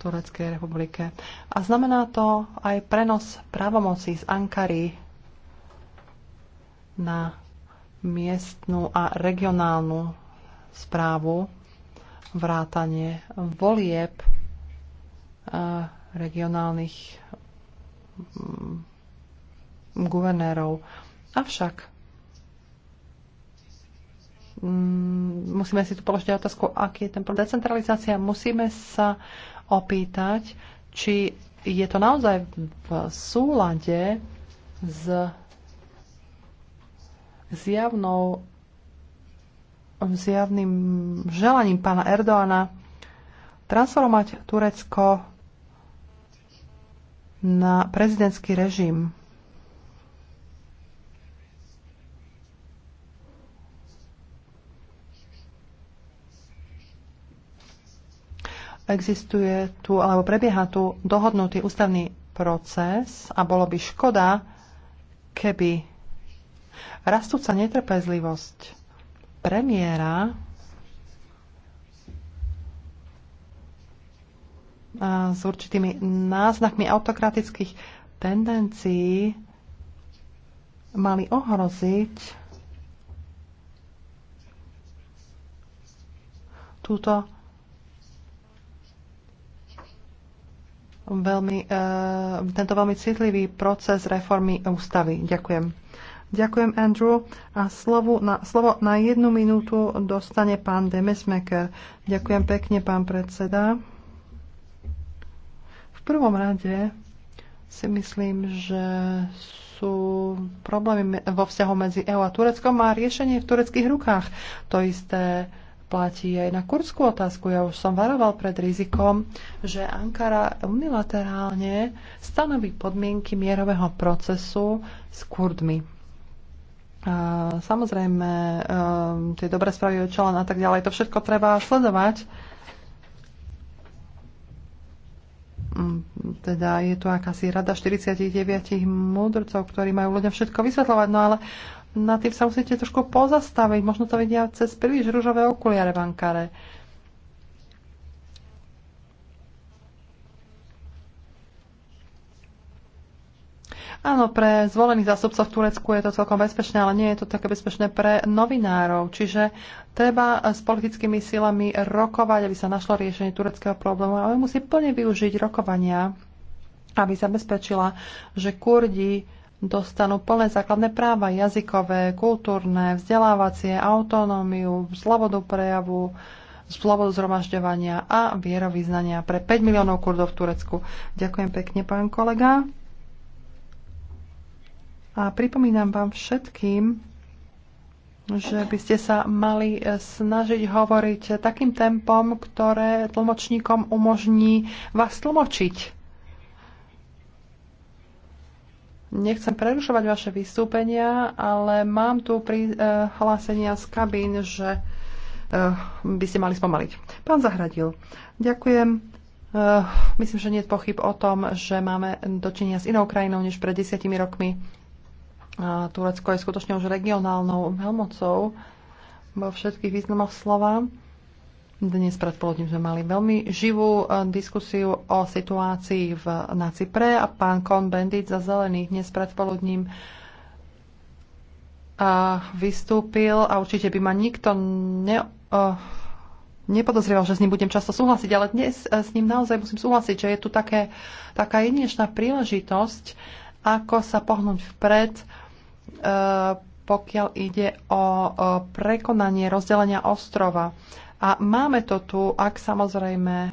Tureckej republike. A znamená to aj prenos právomocí z Ankary na miestnú a regionálnu správu, vrátanie volieb e, regionálnych guvernérov. Avšak Mm, musíme si tu položiť otázku, aký je ten problém. Decentralizácia, musíme sa opýtať, či je to naozaj v súlade s zjavnou zjavným želaním pána Erdoána transformovať Turecko na prezidentský režim. Existuje tu, alebo prebieha tu dohodnutý ústavný proces a bolo by škoda, keby rastúca netrpezlivosť premiéra s určitými náznakmi autokratických tendencií mali ohroziť túto veľmi, e, tento veľmi citlivý proces reformy ústavy. Ďakujem. Ďakujem, Andrew. A slovo na, slovo na jednu minútu dostane pán Demesmeker. Ďakujem pekne, pán predseda. V prvom rade si myslím, že sú problémy vo vzťahu medzi EU a Tureckom a riešenie v tureckých rukách. To isté platí aj na kurdskú otázku. Ja už som varoval pred rizikom, že Ankara unilaterálne stanoví podmienky mierového procesu s Kurdmi. A samozrejme, tie dobré správy od a tak ďalej, to všetko treba sledovať. Mm, teda je tu akási rada 49 múdrcov, ktorí majú ľuďom všetko vysvetľovať, no ale na tým sa musíte trošku pozastaviť. Možno to vidia cez príliš rúžové okuliare bankáre. Áno, pre zvolených zástupcov v Turecku je to celkom bezpečné, ale nie je to také bezpečné pre novinárov. Čiže treba s politickými silami rokovať, aby sa našlo riešenie tureckého problému. A on musí plne využiť rokovania, aby zabezpečila, že Kurdi dostanú plné základné práva jazykové, kultúrne, vzdelávacie, autonómiu, slobodu prejavu, slobodu zhromažďovania a vierovýznania pre 5 miliónov kurdov v Turecku. Ďakujem pekne, pán kolega. A pripomínam vám všetkým, že by ste sa mali snažiť hovoriť takým tempom, ktoré tlmočníkom umožní vás tlmočiť. Nechcem prerušovať vaše vystúpenia, ale mám tu prihlásenia eh, z kabín, že eh, by ste mali spomaliť. Pán Zahradil, ďakujem. Eh, myslím, že nie je pochyb o tom, že máme dočinia s inou krajinou než pred desiatimi rokmi. Turecko je skutočne už regionálnou veľmocou vo všetkých významoch slova. Dnes predpoludním sme mali veľmi živú e, diskusiu o situácii v, na Cypre a pán Kon Bendit za zelených dnes predpoludním a e, vystúpil a určite by ma nikto ne, uh, nepodozrieval, že s ním budem často súhlasiť, ale dnes s ním naozaj musím súhlasiť, že je tu také, taká jedinečná príležitosť, ako sa pohnúť vpred, uh, pokiaľ ide o, o prekonanie rozdelenia ostrova. A máme to tu, ak samozrejme e,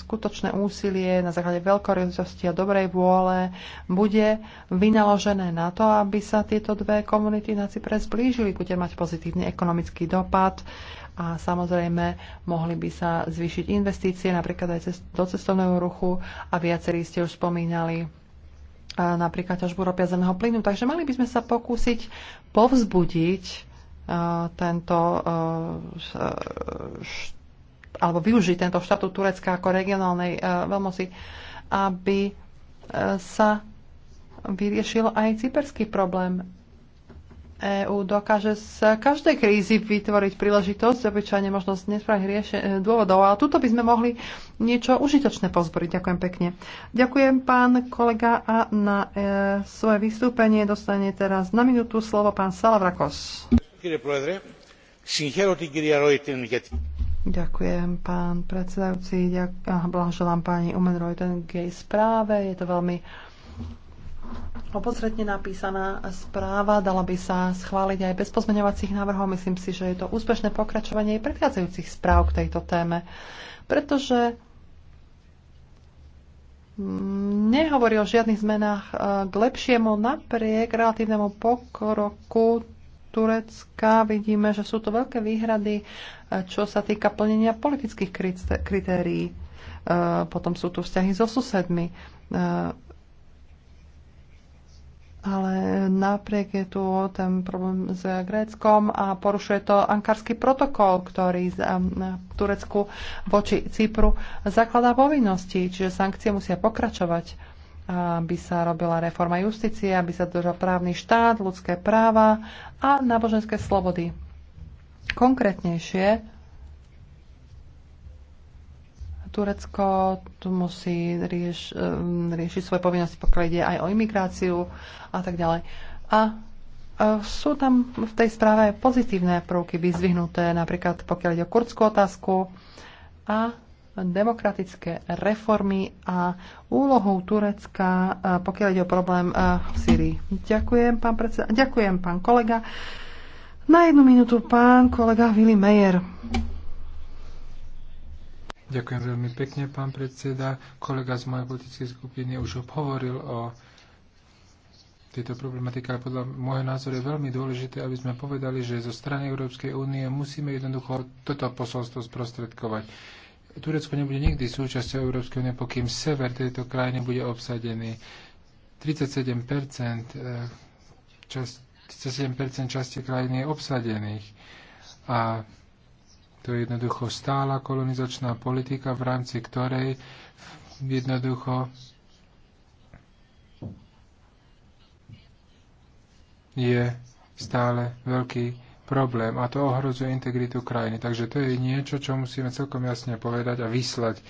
skutočné úsilie na základe veľkorysosti a dobrej vôle bude vynaložené na to, aby sa tieto dve komunity na Cypre zblížili. Bude mať pozitívny ekonomický dopad a samozrejme mohli by sa zvýšiť investície napríklad aj do cestovného ruchu a viacerí ste už spomínali e, napríklad ťažbu ropia zemného plynu. Takže mali by sme sa pokúsiť povzbudiť tento alebo využiť tento štatút Turecka ako regionálnej veľmoci, aby e, sa vyriešil aj cyperský problém. EÚ dokáže z každej krízy vytvoriť príležitosť, obyčajne možnosť z nesprávnych e, dôvodov, ale tuto by sme mohli niečo užitočné pozboriť. Ďakujem pekne. Ďakujem, pán kolega, a na e, svoje vystúpenie dostane teraz na minútu slovo pán Salavrakos. Ďakujem, pán predsedajúci. blahoželám pani Umen Reuten k jej správe. Je to veľmi Opozretne napísaná správa dala by sa schváliť aj bez pozmeňovacích návrhov. Myslím si, že je to úspešné pokračovanie predchádzajúcich správ k tejto téme, pretože nehovorí o žiadnych zmenách eh, k lepšiemu napriek relatívnemu pokroku Turecka vidíme, že sú to veľké výhrady, e, čo sa týka plnenia politických kritérií. E, potom sú tu vzťahy so susedmi. E, ale napriek je tu ten problém s Gréckom a porušuje to ankarský protokol, ktorý v Turecku voči Cypru zakladá povinnosti, čiže sankcie musia pokračovať aby sa robila reforma justície, aby sa držal právny štát, ľudské práva a náboženské slobody. Konkrétnejšie, Turecko tu musí rieš, ehm, riešiť svoje povinnosti, pokiaľ ide aj o imigráciu a tak ďalej. A e, sú tam v tej správe pozitívne prvky vyzvihnuté, napríklad pokiaľ ide o kurdskú otázku a demokratické reformy a úlohou Turecka, e, pokiaľ ide o problém e, v Syrii. Ďakujem, pán predseda. Ďakujem, pán kolega. Na jednu minútu pán kolega Willy Meyer. Ďakujem veľmi pekne, pán predseda. Kolega z mojej politickej skupiny už hovoril o tejto problematike, ale podľa môjho názoru je veľmi dôležité, aby sme povedali, že zo strany Európskej únie musíme jednoducho toto posolstvo sprostredkovať Turecko nebude nikdy súčasťou Európskej únie, pokým sever tejto krajiny bude obsadený. 37 časť, 37 časti krajiny je obsadených. A to je jednoducho stála kolonizačná politika, v rámci ktorej jednoducho je stále veľký problém a to ohrozuje integritu krajiny. Takže to je niečo, čo musíme celkom jasne povedať a vyslať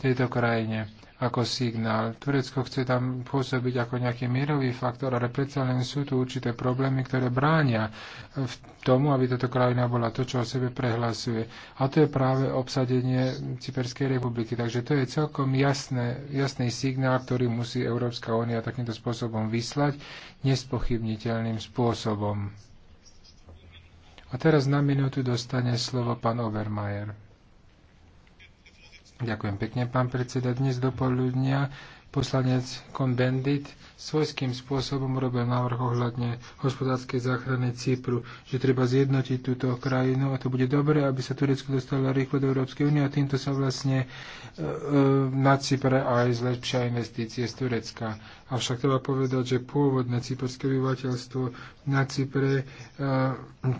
tejto krajine ako signál. Turecko chce tam pôsobiť ako nejaký mierový faktor, ale predsa len sú tu určité problémy, ktoré bránia v tomu, aby táto krajina bola to, čo o sebe prehlasuje. A to je práve obsadenie Cyperskej republiky. Takže to je celkom jasné, jasný signál, ktorý musí Európska únia takýmto spôsobom vyslať nespochybniteľným spôsobom. A teraz na minútu dostane slovo pán Obermajer. Ďakujem pekne, pán predseda. Dnes do poludnia poslanec Bendit svojským spôsobom robil návrh ohľadne hospodárskej záchrany Cypru, že treba zjednotiť túto krajinu a to bude dobre, aby sa Turecko dostalo rýchlo do Európskej únie a týmto sa vlastne e, e, na Cypre aj zlepšia investície z Turecka. Avšak treba povedať, že pôvodné cyperské obyvateľstvo na Cypre e,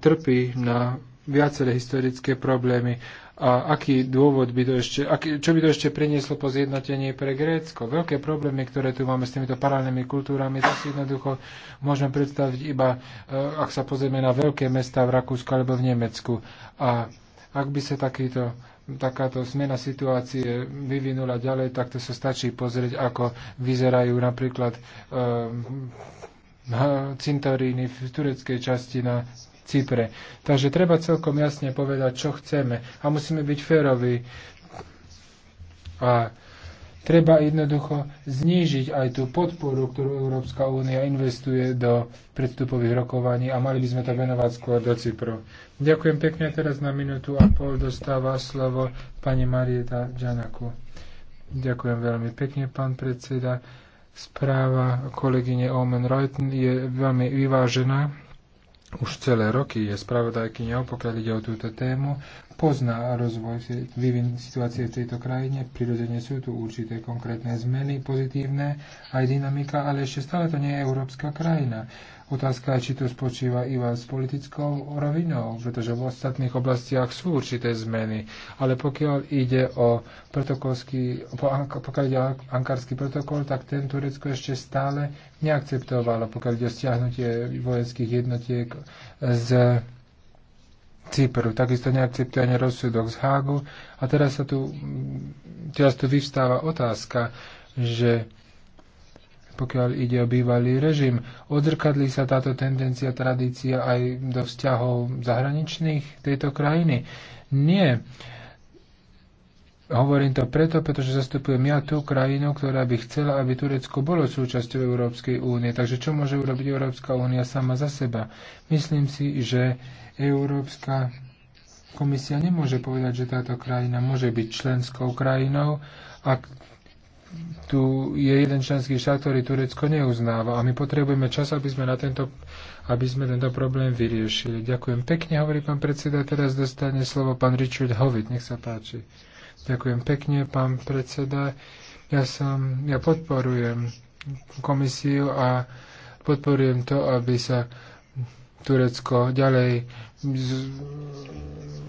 trpí na viaceré historické problémy a aký dôvod by to ešte, aký, čo by to ešte prinieslo po zjednotení pre Grécko? Veľké problémy, ktoré tu máme s týmito paralelnými kultúrami, to si jednoducho môžeme predstaviť iba, e, ak sa pozrieme na veľké mesta v Rakúsku alebo v Nemecku. A ak by sa takýto takáto zmena situácie vyvinula ďalej, tak to sa stačí pozrieť, ako vyzerajú napríklad um, cintoríny v tureckej časti na Cypre. Takže treba celkom jasne povedať, čo chceme. A musíme byť féroví. A treba jednoducho znížiť aj tú podporu, ktorú Európska únia investuje do predstupových rokovaní a mali by sme to venovať skôr do Cypru. Ďakujem pekne, teraz na minútu a pol dostáva slovo pani Marieta Džanaku. Ďakujem veľmi pekne, pán predseda. Správa kolegyne Omen Reuten je veľmi vyvážená už celé roky je spravodajkyňou, pokiaľ ide o túto tému, pozná rozvoj, vývin situácie v tejto krajine, prirodzene sú tu určité konkrétne zmeny, pozitívne aj dynamika, ale ešte stále to nie je európska krajina. Otázka je, či to spočíva iba s politickou rovinou, pretože v ostatných oblastiach sú určité zmeny. Ale pokiaľ ide o protokolský, pokiaľ ide o ankarský protokol, tak ten Turecko ešte stále neakceptovalo, pokiaľ ide o stiahnutie vojenských jednotiek z Cypru. Takisto neakceptuje ani rozsudok z Hágu. A teraz sa tu, teraz tu vyvstáva otázka, že pokiaľ ide o bývalý režim. Odzrkadlí sa táto tendencia, tradícia aj do vzťahov zahraničných tejto krajiny? Nie. Hovorím to preto, pretože zastupujem ja tú krajinu, ktorá by chcela, aby Turecko bolo súčasťou Európskej únie. Takže čo môže urobiť Európska únia sama za seba? Myslím si, že Európska komisia nemôže povedať, že táto krajina môže byť členskou krajinou, ak tu je jeden členský štát, ktorý Turecko neuznáva a my potrebujeme čas, aby sme, na tento, aby sme tento problém vyriešili. Ďakujem pekne, hovorí pán predseda. Teraz dostane slovo pán Richard Hovit, Nech sa páči. Ďakujem pekne, pán predseda. Ja, som, ja podporujem komisiu a podporujem to, aby sa Turecko ďalej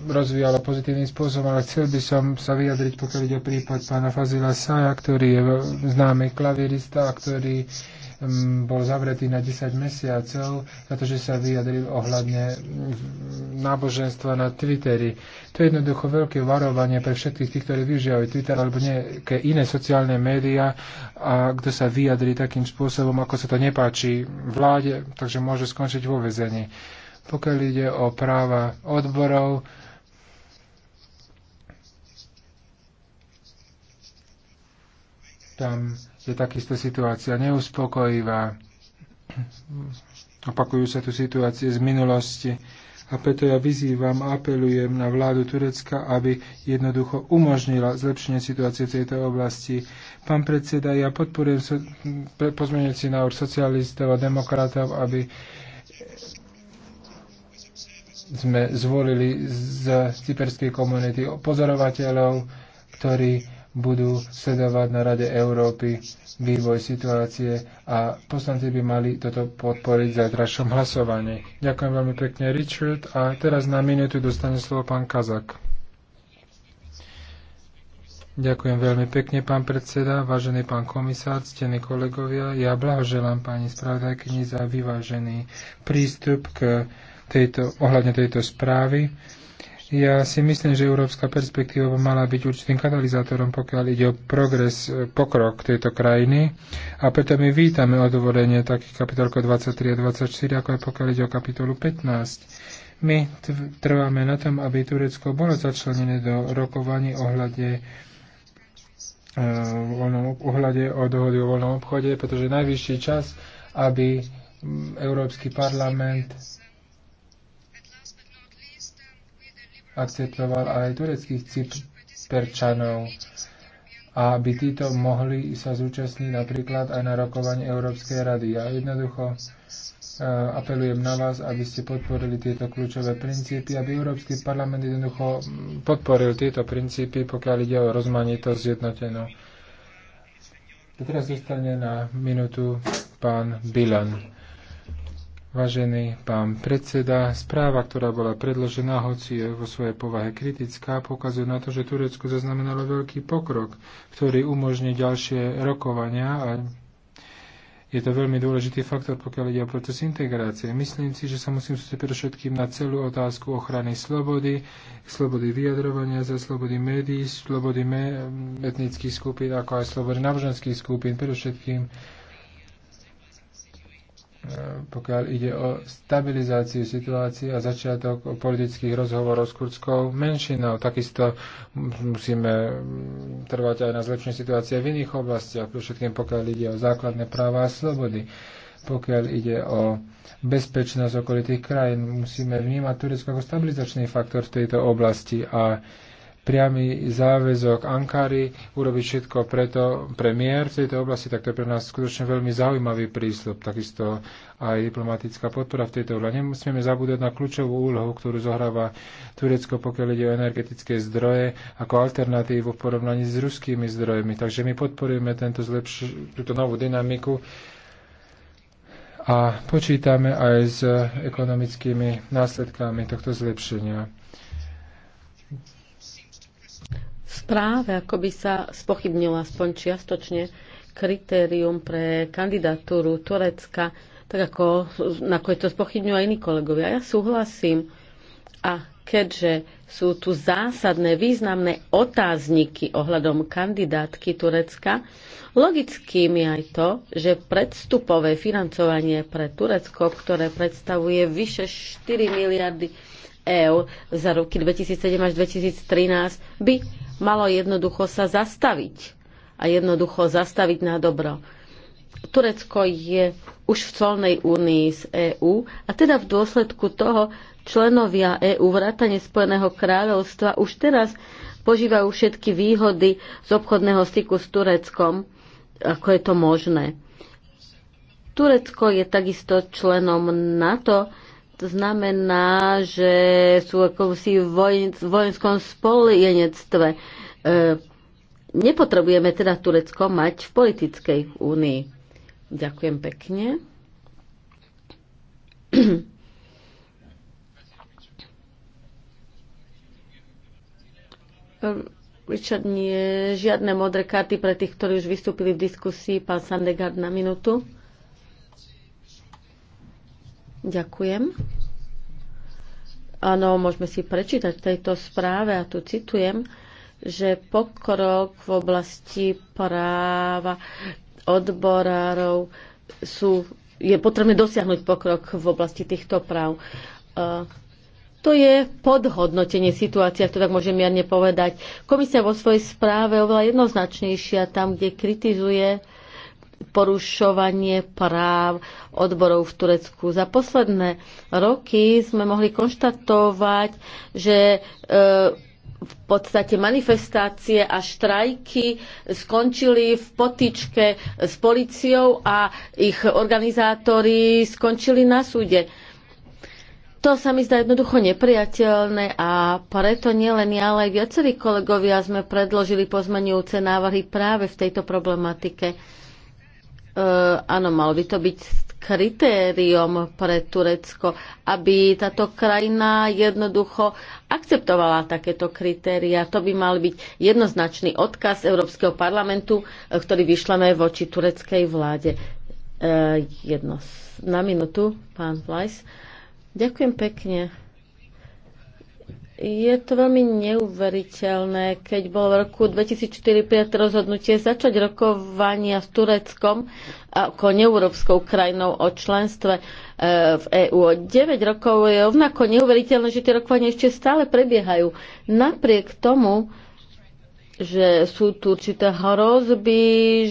rozvíjalo pozitívnym spôsobom, ale chcel by som sa vyjadriť, pokiaľ ide o prípad pána Fazila Saja, ktorý je známy klavirista ktorý mm, bol zavretý na 10 mesiacov pretože sa vyjadril ohľadne mm, náboženstva na Twitteri. To je jednoducho veľké varovanie pre všetkých tých, ktorí využívajú Twitter alebo nejaké iné sociálne médiá a kto sa vyjadri takým spôsobom, ako sa to nepáči vláde, takže môže skončiť vo vezení. Pokiaľ ide o práva odborov, tam je takisto situácia neuspokojivá. Opakujú sa tu situácie z minulosti. A preto ja vyzývam a apelujem na vládu Turecka, aby jednoducho umožnila zlepšenie situácie v tejto oblasti. Pán predseda, ja podporujem so, pozmeňujúci návrh socialistov a demokratov, aby sme zvolili z cyperskej komunity pozorovateľov, ktorí budú sledovať na Rade Európy vývoj situácie a poslanci by mali toto podporiť za dražšom hlasovaní. Ďakujem veľmi pekne, Richard. A teraz na minútu dostane slovo pán Kazak. Ďakujem veľmi pekne, pán predseda, vážený pán komisár, ctení kolegovia. Ja blahoželám pani spravodajkyni za vyvážený prístup k tejto, ohľadne tejto správy. Ja si myslím, že európska perspektíva by mala byť určitým katalizátorom, pokiaľ ide o progres, e, pokrok tejto krajiny. A preto my vítame odvolenie takých kapitolko 23 a 24, ako aj pokiaľ ide o kapitolu 15. My trváme na tom, aby Turecko bolo začlenené do rokovaní ohľade e, voľnom ohľade o dohody o voľnom obchode, pretože najvyšší čas, aby Európsky parlament akceptoval aj tureckých Cyperčanov a aby títo mohli sa zúčastniť napríklad aj na rokovanie Európskej rady. Ja jednoducho e, apelujem na vás, aby ste podporili tieto kľúčové princípy, aby Európsky parlament jednoducho podporil tieto princípy, pokiaľ ide o rozmanitosť zjednotenú. teraz zostane na minútu pán Bilan. Vážený pán predseda, správa, ktorá bola predložená, hoci je vo svojej povahe kritická, pokazuje na to, že Turecko zaznamenalo veľký pokrok, ktorý umožní ďalšie rokovania a je to veľmi dôležitý faktor, pokiaľ ide o proces integrácie. Myslím si, že sa musím sústrediť predovšetkým na celú otázku ochrany slobody, slobody vyjadrovania, za slobody médií, slobody etnických skupín, ako aj slobody náboženských skupín, predovšetkým pokiaľ ide o stabilizáciu situácie a začiatok politických rozhovorov s kurdskou menšinou. Takisto musíme trvať aj na zlepšenie situácie v iných oblastiach, pre všetkým pokiaľ ide o základné práva a slobody. Pokiaľ ide o bezpečnosť okolitých krajín, musíme vnímať Turecko ako stabilizačný faktor v tejto oblasti a priamy záväzok Ankary urobiť všetko preto premiér v tejto oblasti, tak to je pre nás skutočne veľmi zaujímavý prístup. Takisto aj diplomatická podpora v tejto oblasti. Nemusíme zabúdať na kľúčovú úlohu, ktorú zohráva Turecko, pokiaľ ide o energetické zdroje ako alternatívu v porovnaní s ruskými zdrojmi. Takže my podporujeme tento zlepš- túto novú dynamiku a počítame aj s ekonomickými následkami tohto zlepšenia. správe ako by sa spochybnilo aspoň čiastočne kritérium pre kandidatúru Turecka, tak ako nakoniec to spochybňujú aj iní kolegovia. Ja súhlasím. A keďže sú tu zásadné významné otázniky ohľadom kandidátky Turecka, logickým je aj to, že predstupové financovanie pre Turecko, ktoré predstavuje vyše 4 miliardy eur za roky 2007 až 2013, by malo jednoducho sa zastaviť a jednoducho zastaviť na dobro. Turecko je už v colnej únii z EÚ a teda v dôsledku toho členovia EÚ vrátane Spojeného kráľovstva už teraz požívajú všetky výhody z obchodného styku s Tureckom, ako je to možné. Turecko je takisto členom NATO, to znamená, že sú ako v v vojenskom spolienectve. E, nepotrebujeme teda Turecko mať v politickej únii. Ďakujem pekne. Richard, nie, žiadne modré karty pre tých, ktorí už vystúpili v diskusii. Pán Sandegard na minútu. Ďakujem. Áno, môžeme si prečítať v tejto správe, a tu citujem, že pokrok v oblasti práva odborárov sú, je potrebné dosiahnuť pokrok v oblasti týchto práv. Uh, to je podhodnotenie situácie, ak to tak môžem mierne povedať. Komisia vo svojej správe je oveľa jednoznačnejšia tam, kde kritizuje uh, porušovanie práv odborov v Turecku. Za posledné roky sme mohli konštatovať, že e, v podstate manifestácie a štrajky skončili v potičke s policiou a ich organizátori skončili na súde. To sa mi zdá jednoducho nepriateľné a preto nielen ja, ale aj viacerí kolegovia sme predložili pozmenujúce návrhy práve v tejto problematike E, áno, malo by to byť kritériom pre Turecko, aby táto krajina jednoducho akceptovala takéto kritéria. To by mal byť jednoznačný odkaz Európskeho parlamentu, e, ktorý vyšleme voči tureckej vláde. E, jedno na minútu, pán Vlajs. Ďakujem pekne. Je to veľmi neuveriteľné, keď bol v roku 2004 prijaté rozhodnutie začať rokovania s Tureckom ako neurópskou krajinou o členstve e, v EÚ. 9 rokov je rovnako neuveriteľné, že tie rokovania ešte stále prebiehajú. Napriek tomu, že sú tu určité hrozby,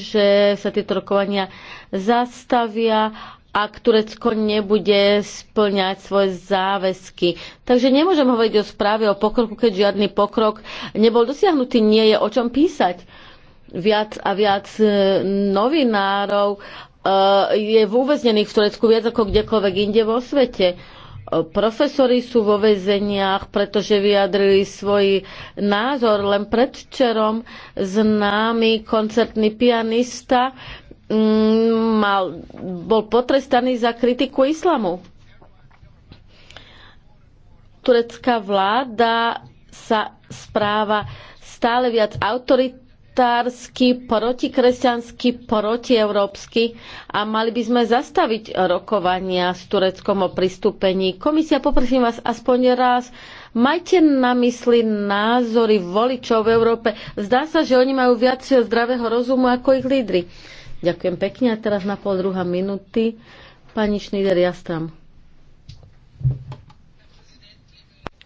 že sa tieto rokovania zastavia ak Turecko nebude splňať svoje záväzky. Takže nemôžem hovoriť o správe o pokroku, keď žiadny pokrok nebol dosiahnutý, nie je o čom písať. Viac a viac e, novinárov e, je v uväznených v Turecku viac ako kdekoľvek inde vo svete. E, profesori sú vo väzeniach, pretože vyjadrili svoj názor. Len predčerom známy koncertný pianista Mm, mal, bol potrestaný za kritiku islamu. Turecká vláda sa správa stále viac autoritársky, protikresťansky, protieurópsky a mali by sme zastaviť rokovania s Tureckom o pristúpení. Komisia, poprosím vás aspoň raz, majte na mysli názory voličov v Európe. Zdá sa, že oni majú viac zdravého rozumu ako ich lídry. Ďakujem pekne a teraz na pol druhá minúty pani Šnider stám.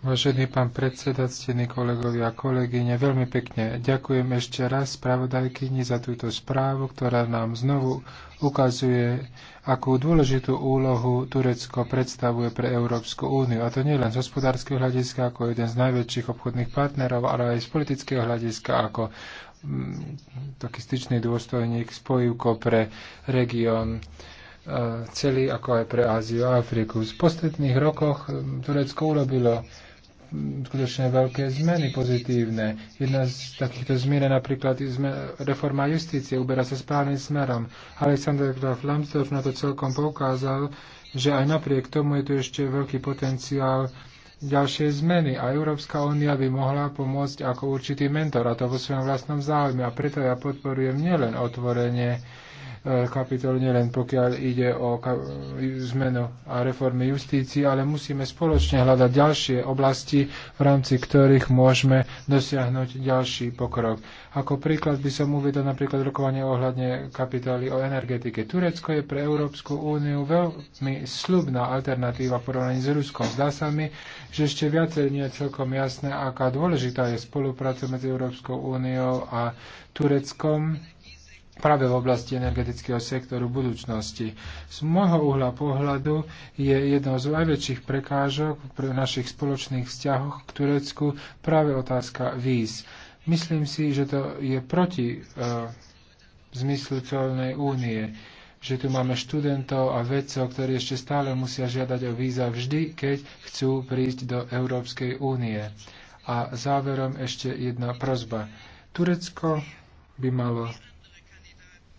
Vážený pán predseda, ctení kolegovia a kolegyne, veľmi pekne ďakujem ešte raz spravodajkyni za túto správu, ktorá nám znovu ukazuje, akú dôležitú úlohu Turecko predstavuje pre Európsku úniu. A to nielen z hospodárskeho hľadiska ako jeden z najväčších obchodných partnerov, ale aj z politického hľadiska ako mm, taký styčný dôstojník, spojivko pre región e, celý, ako aj pre Áziu a Afriku. V posledných rokoch mm, Turecko urobilo skutočne veľké zmeny pozitívne. Jedna z takýchto zmien je napríklad reforma justície, uberá sa správnym smerom. Alexander Graf Lambsdorff na to celkom poukázal, že aj napriek tomu je tu ešte veľký potenciál ďalšie zmeny a Európska únia by mohla pomôcť ako určitý mentor a to vo svojom vlastnom záujme. A preto ja podporujem nielen otvorenie kapitol nielen pokiaľ ide o zmenu a reformy justícii, ale musíme spoločne hľadať ďalšie oblasti, v rámci ktorých môžeme dosiahnuť ďalší pokrok. Ako príklad by som uvedol napríklad rokovanie ohľadne kapitály o energetike. Turecko je pre Európsku úniu veľmi slubná alternatíva v porovnaní s Ruskom. Zdá sa mi, že ešte viacej nie je celkom jasné, aká dôležitá je spolupráca medzi Európskou úniou a Tureckom práve v oblasti energetického sektoru budúcnosti. Z môjho uhla pohľadu je jednou z najväčších prekážok pre našich spoločných vzťahoch k Turecku práve otázka víz. Myslím si, že to je proti uh, zmyslu celnej únie že tu máme študentov a vedcov, ktorí ešte stále musia žiadať o víza vždy, keď chcú prísť do Európskej únie. A záverom ešte jedna prozba. Turecko by malo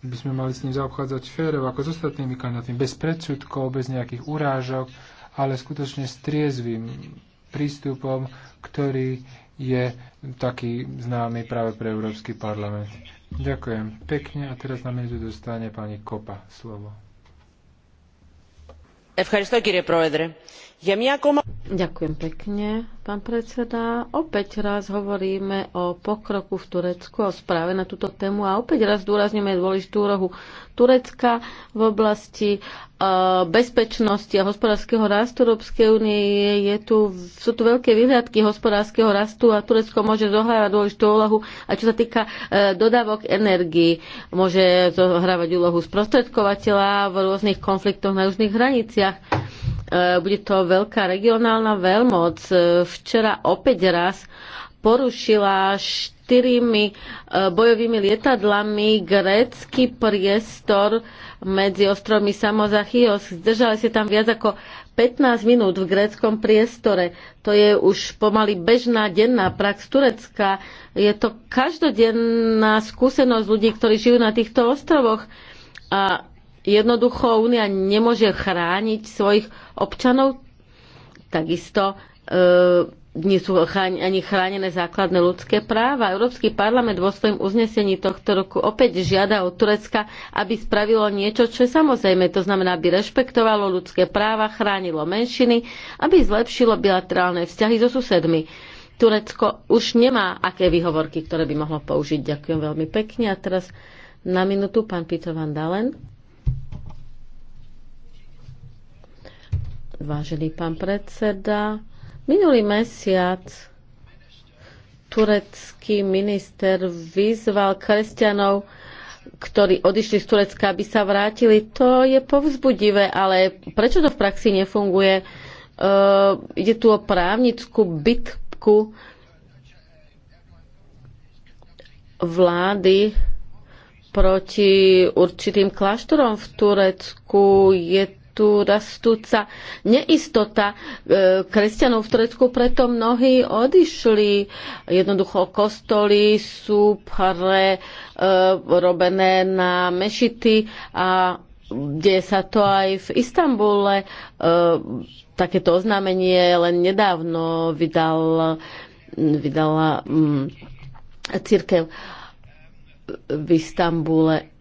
by sme mali s ním zaobchádzať férov ako s ostatnými kandidátmi, bez predsudkov, bez nejakých urážok, ale skutočne s triezvým prístupom, ktorý je taký známy práve pre Európsky parlament. Ďakujem pekne a teraz na minútu dostane pani Kopa slovo. Ďakujem pekne, pán predseda. Opäť raz hovoríme o pokroku v Turecku, o správe na túto tému a opäť raz dôrazníme dôležitú rohu Turecka v oblasti e, bezpečnosti a hospodárskeho rastu Európskej únie. Je tu, sú tu veľké vyhľadky hospodárskeho rastu a Turecko môže zohrávať dôležitú úlohu. A čo sa týka e, dodávok energii, môže zohrávať úlohu sprostredkovateľa v rôznych konfliktoch na južných hraniciach E, bude to veľká regionálna veľmoc. E, včera opäť raz porušila štyrimi e, bojovými lietadlami grécky priestor medzi ostrovmi Samozachios. Zdržali si tam viac ako 15 minút v gréckom priestore. To je už pomaly bežná denná prax Turecka. Je to každodenná skúsenosť ľudí, ktorí žijú na týchto ostrovoch. A jednoducho Únia nemôže chrániť svojich občanov. Takisto e, nie sú ani chránené základné ľudské práva. Európsky parlament vo svojom uznesení tohto roku opäť žiada od Turecka, aby spravilo niečo, čo je samozrejme, to znamená, aby rešpektovalo ľudské práva, chránilo menšiny, aby zlepšilo bilaterálne vzťahy so susedmi. Turecko už nemá aké výhovorky, ktoré by mohlo použiť. Ďakujem veľmi pekne. A teraz na minútu pán Pito Van Dalen. Vážený pán predseda, minulý mesiac turecký minister vyzval kresťanov, ktorí odišli z Turecka, aby sa vrátili. To je povzbudivé, ale prečo to v praxi nefunguje? Uh, ide tu o právnickú bitku vlády proti určitým kláštorom v Turecku. Je tu rastúca neistota e, kresťanov v Turecku, preto mnohí odišli. Jednoducho kostoly sú pre, e, robené na mešity a deje sa to aj v Istambule. E, takéto oznámenie len nedávno vydal, vydala mm, církev v Istambule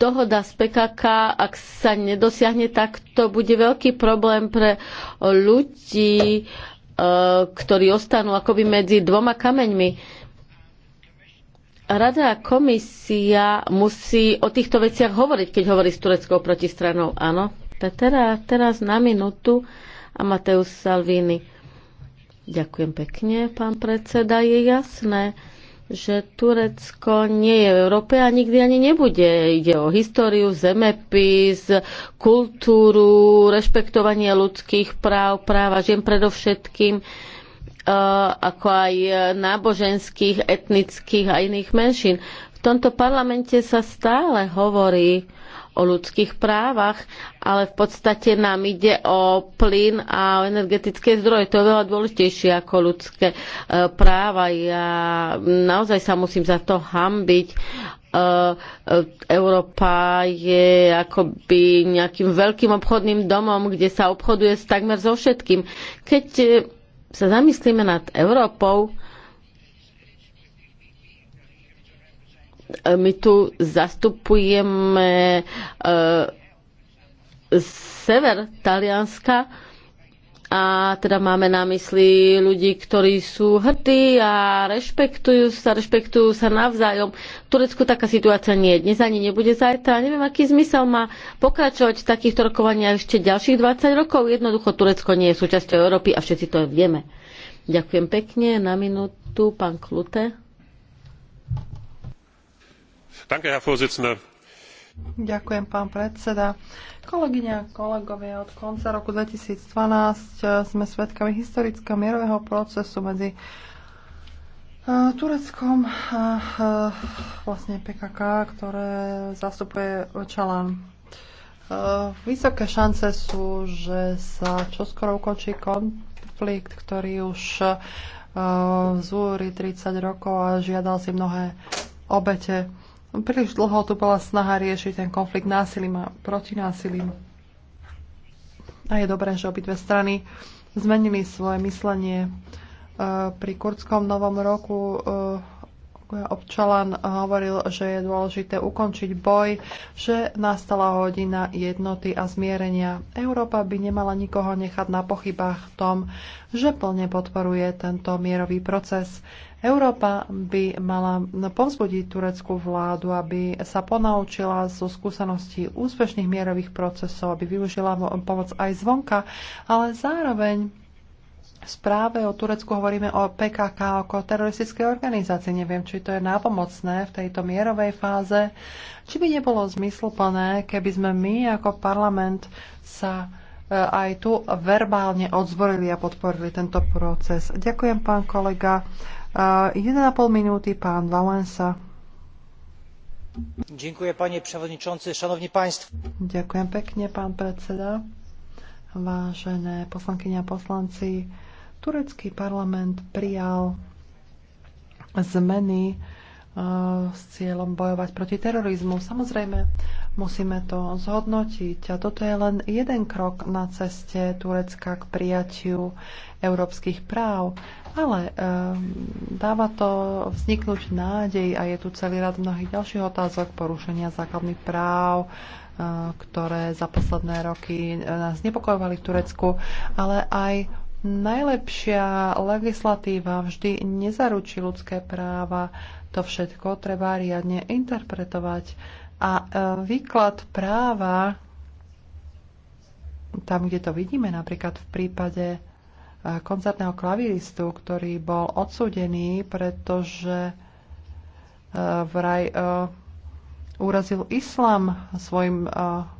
dohoda z PKK, ak sa nedosiahne, tak to bude veľký problém pre ľudí, e, ktorí ostanú akoby medzi dvoma kameňmi. Rada a komisia musí o týchto veciach hovoriť, keď hovorí s tureckou protistranou. Áno, Peter, teraz na minútu a Mateus Salvini. Ďakujem pekne, pán predseda, je jasné, že Turecko nie je v Európe a nikdy ani nebude. Ide o históriu, zemepis, kultúru, rešpektovanie ľudských práv, práva žien predovšetkým, e, ako aj náboženských, etnických a iných menšín. V tomto parlamente sa stále hovorí o ľudských právach, ale v podstate nám ide o plyn a o energetické zdroje. To je veľa dôležitejšie ako ľudské e, práva. Ja naozaj sa musím za to hambiť. E, e, Európa je akoby nejakým veľkým obchodným domom, kde sa obchoduje s takmer so všetkým. Keď sa zamyslíme nad Európou, E, my tu zastupujeme e, sever Talianska a teda máme na mysli ľudí, ktorí sú hrdí a rešpektujú sa, rešpektujú sa navzájom. V Turecku taká situácia nie je. Dnes ani nebude zajtra. Neviem, aký zmysel má pokračovať v takýchto rokovaniach ešte ďalších 20 rokov. Jednoducho Turecko nie je súčasťou Európy a všetci to vieme. Ďakujem pekne. Na minútu, pán Klute. Danke, Herr Vorsitzender. Ďakujem, pán predseda. Kolegyňa a kolegovia, od konca roku 2012 eh, sme svedkami historického mierového procesu medzi eh, Tureckom a eh, vlastne PKK, ktoré zastupuje Čalan. Vysoké šance sú, že sa čoskoro ukončí konflikt, ktorý už zúri 30 rokov a žiadal si mnohé obete. No, príliš dlho tu bola snaha riešiť ten konflikt násilím a protinásilím. A je dobré, že obidve strany zmenili svoje myslenie. E, pri kurdskom novom roku e, Občalan hovoril, že je dôležité ukončiť boj, že nastala hodina jednoty a zmierenia. Európa by nemala nikoho nechať na pochybách v tom, že plne podporuje tento mierový proces. Európa by mala povzbudiť tureckú vládu, aby sa ponaučila zo skúseností úspešných mierových procesov, aby využila pomoc aj zvonka, ale zároveň v správe o Turecku hovoríme o PKK, ako o teroristickej organizácii. Neviem, či to je nápomocné v tejto mierovej fáze. Či by nebolo zmysluplné, keby sme my ako parlament sa eh, aj tu verbálne odzvorili a podporili tento proces. Ďakujem, pán kolega. 1,5 uh, minúty pán Valensa. Ďakujem, panie przewodniczący, szanowni państwo. Ďakujem pekne, pán predseda. Vážené poslankyne a poslanci, turecký parlament prijal zmeny uh, s cieľom bojovať proti terorizmu. Samozrejme, musíme to zhodnotiť. A toto je len jeden krok na ceste Turecka k prijatiu európskych práv. Ale e, dáva to vzniknúť nádej a je tu celý rad mnohých ďalších otázok porušenia základných práv, e, ktoré za posledné roky eh, nás nepokojovali v Turecku, ale aj najlepšia legislatíva vždy nezaručí ľudské práva. To všetko treba riadne interpretovať. A e, výklad práva, tam, kde to vidíme, napríklad v prípade koncertného klaviristu, ktorý bol odsúdený, pretože e, vraj e, urazil islám svojim e,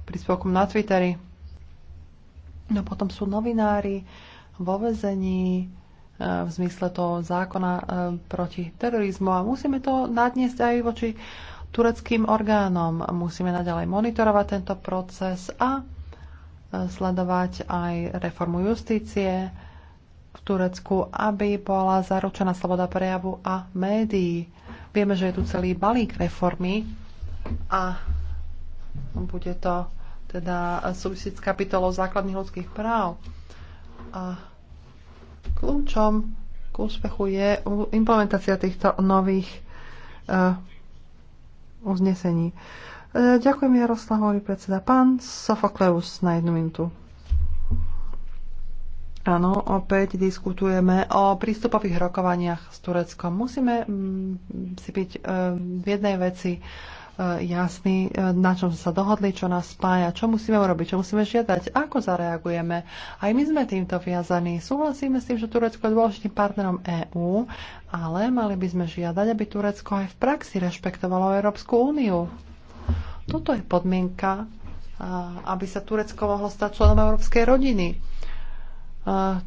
príspevkom na Twittery. No potom sú novinári vo vezení v zmysle toho zákona proti terorizmu a musíme to nadniesť aj voči tureckým orgánom. Musíme naďalej monitorovať tento proces a sledovať aj reformu justície, v Turecku, aby bola zaručená sloboda prejavu a médií. Vieme, že je tu celý balík reformy a bude to teda súvisieť s kapitolou základných ľudských práv. A kľúčom k úspechu je implementácia týchto nových uh, uznesení. Eh, ďakujem, Jaroslavovi, predseda. Pán Sofokleus na jednu minútu. Áno, opäť diskutujeme o prístupových rokovaniach s Tureckom. Musíme mm, si byť e, v jednej veci e, jasný, e, na čom sa dohodli, čo nás spája, čo musíme urobiť, čo musíme žiadať, ako zareagujeme. Aj my sme týmto viazaní. Súhlasíme s tým, že Turecko je dôležitým partnerom EÚ, ale mali by sme žiadať, aby Turecko aj v praxi rešpektovalo Európsku úniu. Toto je podmienka, aby sa Turecko mohlo stať členom európskej rodiny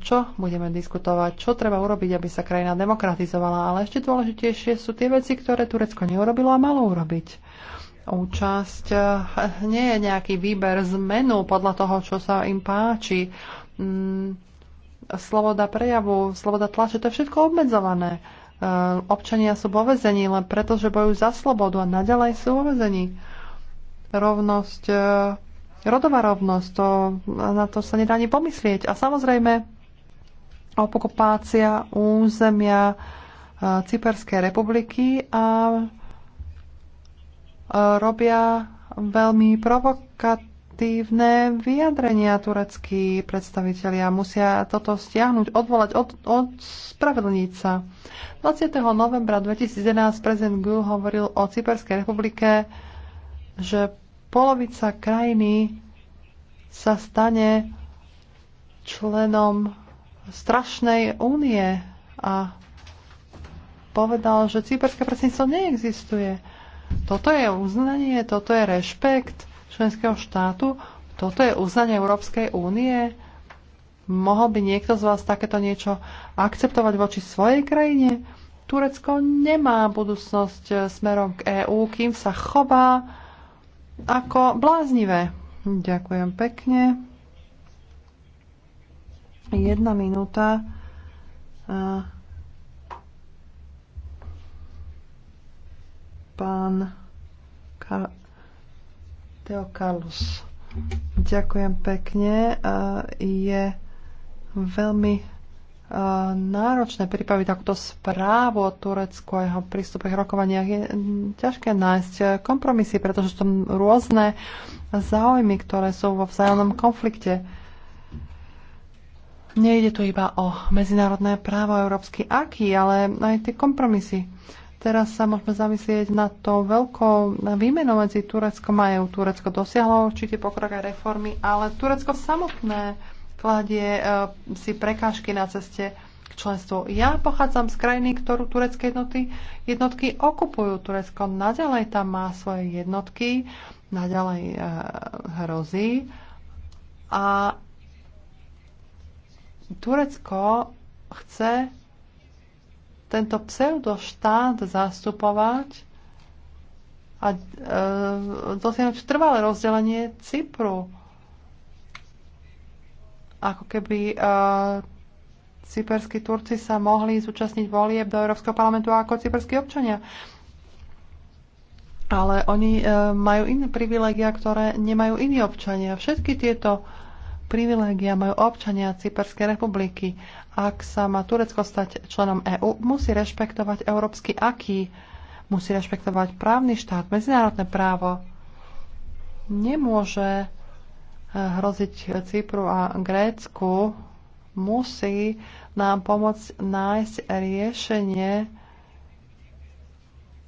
čo budeme diskutovať, čo treba urobiť, aby sa krajina demokratizovala. Ale ešte dôležitejšie sú tie veci, ktoré Turecko neurobilo a malo urobiť. Účasť eh, nie je nejaký výber zmenu podľa toho, čo sa im páči. Mm, sloboda prejavu, sloboda tlače, to je všetko obmedzované. Eh, občania sú vo vezení len preto, že bojujú za slobodu a naďalej sú vo vezení. Rovnosť eh, Rodová rovnosť, to, na to sa nedá ani pomyslieť. A samozrejme, okupácia územia e, Cyperskej republiky a e, robia veľmi provokatívne vyjadrenia tureckí predstavitelia. Musia toto stiahnuť, odvolať, od, odspravedlniť sa. 20. novembra 2011 prezident Gül hovoril o Cyperskej republike, že polovica krajiny sa stane členom strašnej únie a povedal, že cyperské predsedníctvo neexistuje. Toto je uznanie, toto je rešpekt členského štátu, toto je uznanie Európskej únie. Mohol by niekto z vás takéto niečo akceptovať voči svojej krajine? Turecko nemá budúcnosť smerom k EÚ, kým sa chová ako bláznivé. Ďakujem pekne. Jedna minúta. Pán Kar- Teo Carlos. Ďakujem pekne. Je veľmi náročné pripraviť takúto správu o Turecku a jeho k rokovaniach. Je ťažké nájsť kompromisy, pretože sú tam rôzne záujmy, ktoré sú vo vzájomnom konflikte. Nejde tu iba o medzinárodné právo európsky aký, ale aj tie kompromisy. Teraz sa môžeme zamyslieť na to veľkou výmenou medzi Tureckom a EU. Turecko dosiahlo určite pokrok a reformy, ale Turecko samotné kladie e, si prekážky na ceste k členstvu. Ja pochádzam z krajiny, ktorú turecké jednoty, jednotky okupujú. Turecko naďalej tam má svoje jednotky, naďalej e, hrozí. A Turecko chce tento pseudoštát zastupovať a e, dosiahnuť trvalé rozdelenie Cypru ako keby uh, cyperskí Turci sa mohli zúčastniť volieb do Európskeho parlamentu ako cyperskí občania. Ale oni uh, majú iné privilégia, ktoré nemajú iní občania. Všetky tieto privilégia majú občania Cyperskej republiky. Ak sa má Turecko stať členom EÚ, musí rešpektovať európsky aký, musí rešpektovať právny štát, medzinárodné právo. Nemôže hroziť Cypru a Grécku, musí nám pomôcť nájsť riešenie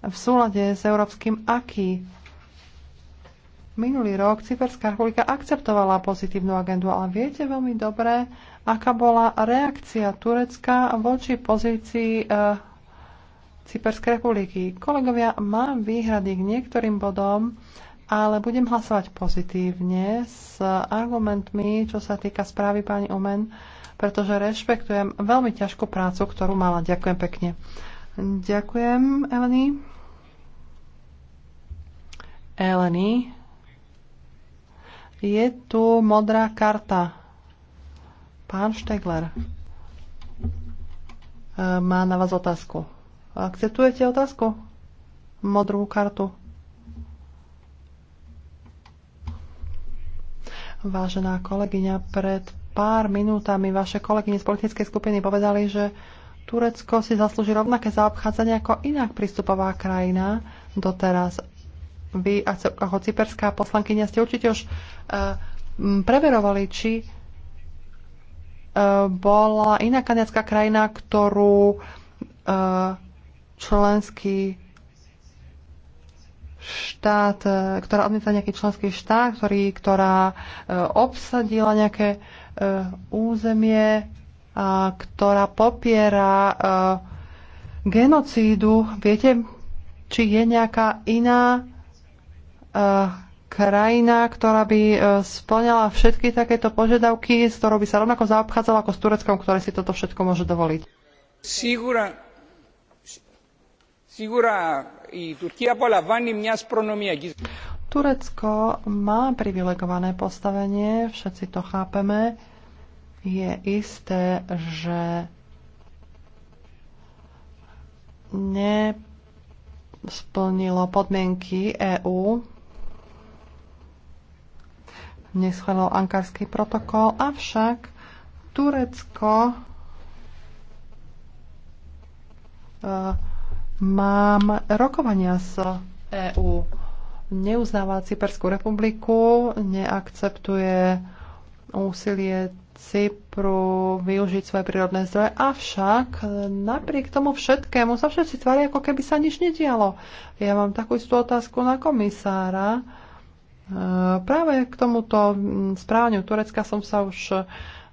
v súlade s európskym aký. Minulý rok Cyperská republika akceptovala pozitívnu agendu, ale viete veľmi dobre, aká bola reakcia Turecka voči pozícii e, Cyperskej republiky. Kolegovia, mám výhrady k niektorým bodom ale budem hlasovať pozitívne s argumentmi, čo sa týka správy pani Omen, pretože rešpektujem veľmi ťažkú prácu, ktorú mala. Ďakujem pekne. Ďakujem, Eleni. Eleni. Je tu modrá karta. Pán Štegler e, má na vás otázku. Akceptujete otázku? Modrú kartu. Vážená kolegyňa, pred pár minútami vaše kolegyne z politickej skupiny povedali, že Turecko si zaslúži rovnaké zaobchádzanie ako inak prístupová krajina doteraz. Vy ako cyperská poslankyňa ste určite už eh, preverovali, či eh, bola iná kaniacká krajina, ktorú eh, členský štát, e, ktorá odmieta nejaký členský štát, ktorý, ktorá e, obsadila nejaké e, územie, a ktorá popiera genocídu. Viete, či je nejaká iná krajina, ktorá by splňala všetky takéto požiadavky, s ktorou by sa rovnako zaobchádzala ako s Tureckom, ktoré si toto všetko môže dovoliť? Sigura, sigura η Τουρκία απολαμβάνει Turecko má privilegované postavenie, všetci to chápeme. Je isté, že nesplnilo podmienky EÚ, neschválilo ankarský protokol, avšak Turecko uh, Mám rokovania z EÚ. Neuznáva Cyperskú republiku, neakceptuje úsilie Cypru využiť svoje prírodné zdroje, avšak napriek tomu všetkému sa všetci tvári, ako keby sa nič nedialo. Ja mám takú istú otázku na komisára. E, práve k tomuto správaniu Turecka som sa už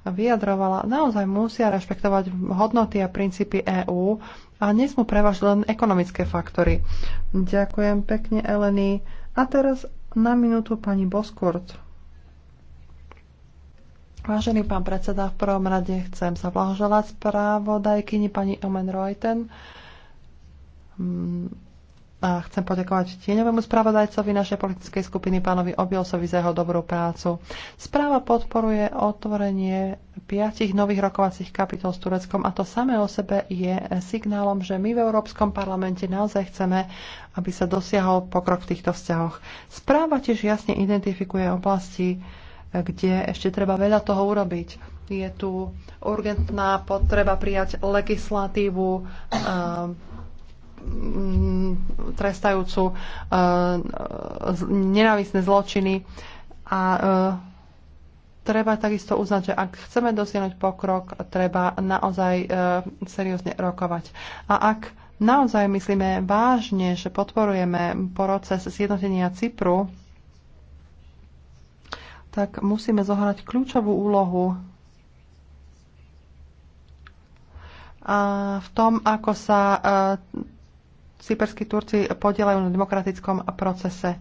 vyjadrovala. Naozaj musia rešpektovať hodnoty a princípy EÚ a nesmú prevažiť len ekonomické faktory. Ďakujem pekne, Eleny. A teraz na minútu pani Boskort. Vážený pán predseda, v prvom rade chcem sa blahoželať správodajkyni pani Omen Reuten mm, a chcem poďakovať tieňovému spravodajcovi našej politickej skupiny, pánovi Obilsovi, za jeho dobrú prácu. Správa podporuje otvorenie piatich nových rokovacích kapitol s Tureckom a to samé o sebe je signálom, že my v Európskom parlamente naozaj chceme, aby sa dosiahol pokrok v týchto vzťahoch. Správa tiež jasne identifikuje oblasti, kde ešte treba veľa toho urobiť je tu urgentná potreba prijať legislatívu Mm, trestajúcu e, nenávisné zločiny a e, treba takisto uznať, že ak chceme dosiahnuť pokrok, treba naozaj e, seriózne rokovať. A ak naozaj myslíme vážne, že podporujeme proces zjednotenia Cypru, tak musíme zohrať kľúčovú úlohu a v tom, ako sa cyperskí Turci podielajú na demokratickom procese.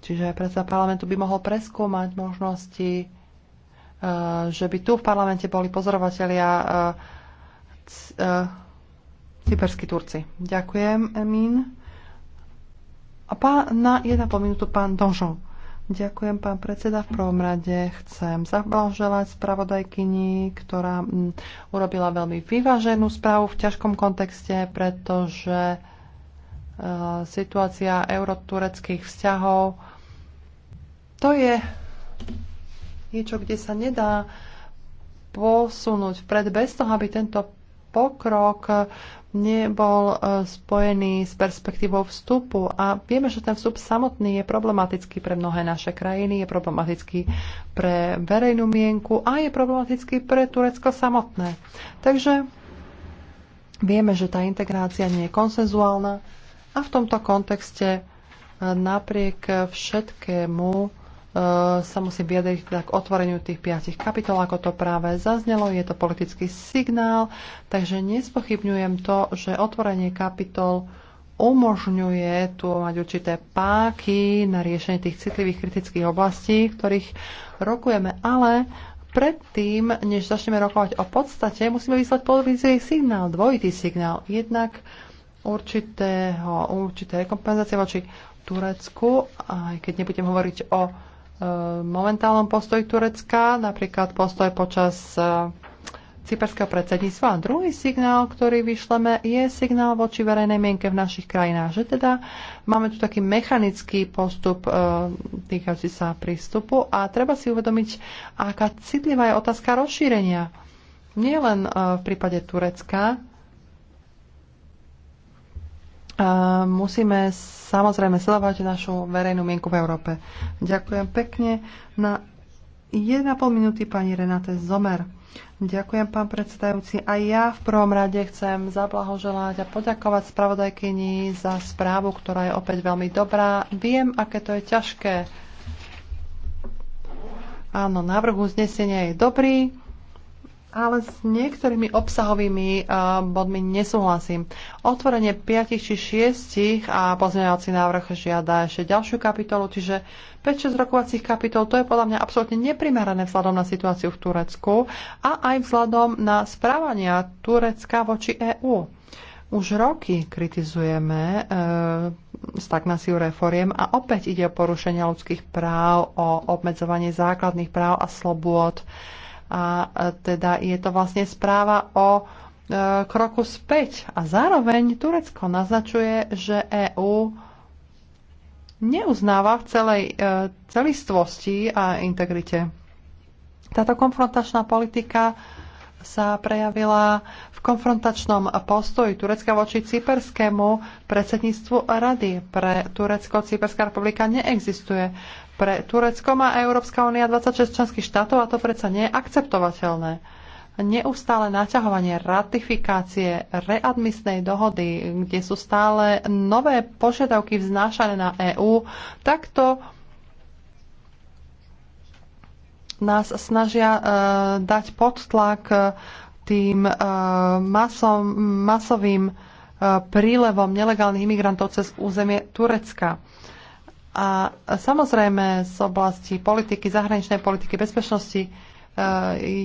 Čiže predseda parlamentu by mohol preskúmať možnosti, e, že by tu v parlamente boli pozorovatelia e, e, cyperskí Turci. Ďakujem, Emin. A pán, na 1,5 minútu pán Dožo. Ďakujem, pán predseda. V prvom rade chcem zablaželať spravodajkyni, ktorá urobila veľmi vyváženú správu v ťažkom kontexte, pretože Eh, situácia eurotureckých vzťahov. To je niečo, kde sa nedá posunúť vpred bez toho, aby tento pokrok nebol eh, spojený s perspektívou vstupu. A vieme, že ten vstup samotný je problematický pre mnohé naše krajiny, je problematický pre verejnú mienku a je problematický pre Turecko samotné. Takže vieme, že tá integrácia nie je konsenzuálna a v tomto kontexte e, napriek všetkému e, sa musí vyjadriť teda k otvoreniu tých piatich kapitol, ako to práve zaznelo. Je to politický signál, takže nespochybňujem to, že otvorenie kapitol umožňuje tu mať určité páky na riešenie tých citlivých kritických oblastí, v ktorých rokujeme, ale predtým, než začneme rokovať o podstate, musíme vyslať politický signál, dvojitý signál. Jednak určitého, určité rekompenzácie voči Turecku, aj keď nebudem hovoriť o e, momentálnom postoji Turecka, napríklad postoj počas e, cyperského predsedníctva. A druhý signál, ktorý vyšleme, je signál voči verejnej mienke v našich krajinách, že teda máme tu taký mechanický postup e, týkajúci sa prístupu a treba si uvedomiť, aká citlivá je otázka rozšírenia. Nie len e, v prípade Turecka, musíme samozrejme sledovať našu verejnú mienku v Európe. Ďakujem pekne. Na 1,5 minúty pani Renate Zomer. Ďakujem, pán predsedajúci. A ja v prvom rade chcem zablahoželať a poďakovať spravodajkyni za správu, ktorá je opäť veľmi dobrá. Viem, aké to je ťažké. Áno, návrh uznesenia je dobrý ale s niektorými obsahovými e, bodmi nesúhlasím. Otvorenie 5 či 6 a pozmeňovací návrh žiada ešte ďalšiu kapitolu, čiže 5-6 rokovacích kapitol, to je podľa mňa absolútne neprimerané vzhľadom na situáciu v Turecku a aj vzhľadom na správania Turecka voči EÚ. Už roky kritizujeme e, stagnáciu reforiem a opäť ide o porušenia ľudských práv, o obmedzovanie základných práv a slobôd. E, a e, teda je to vlastne správa o e, kroku späť. A zároveň Turecko naznačuje, že EÚ neuznáva v celej e, celistvosti a integrite. Táto konfrontačná politika sa prejavila v konfrontačnom postoji Turecka voči cyperskému predsedníctvu rady. Pre Turecko Cyperská republika neexistuje. Pre Turecko má Európska únia 26 členských štátov a to predsa nie je akceptovateľné. Neustále naťahovanie ratifikácie readmisnej dohody, kde sú stále nové požiadavky vznášané na EÚ, takto nás snažia uh, dať pod tlak e, tým uh, masom, masovým uh, prílevom nelegálnych imigrantov cez územie Turecka. A samozrejme z oblasti politiky, zahraničnej politiky, bezpečnosti e,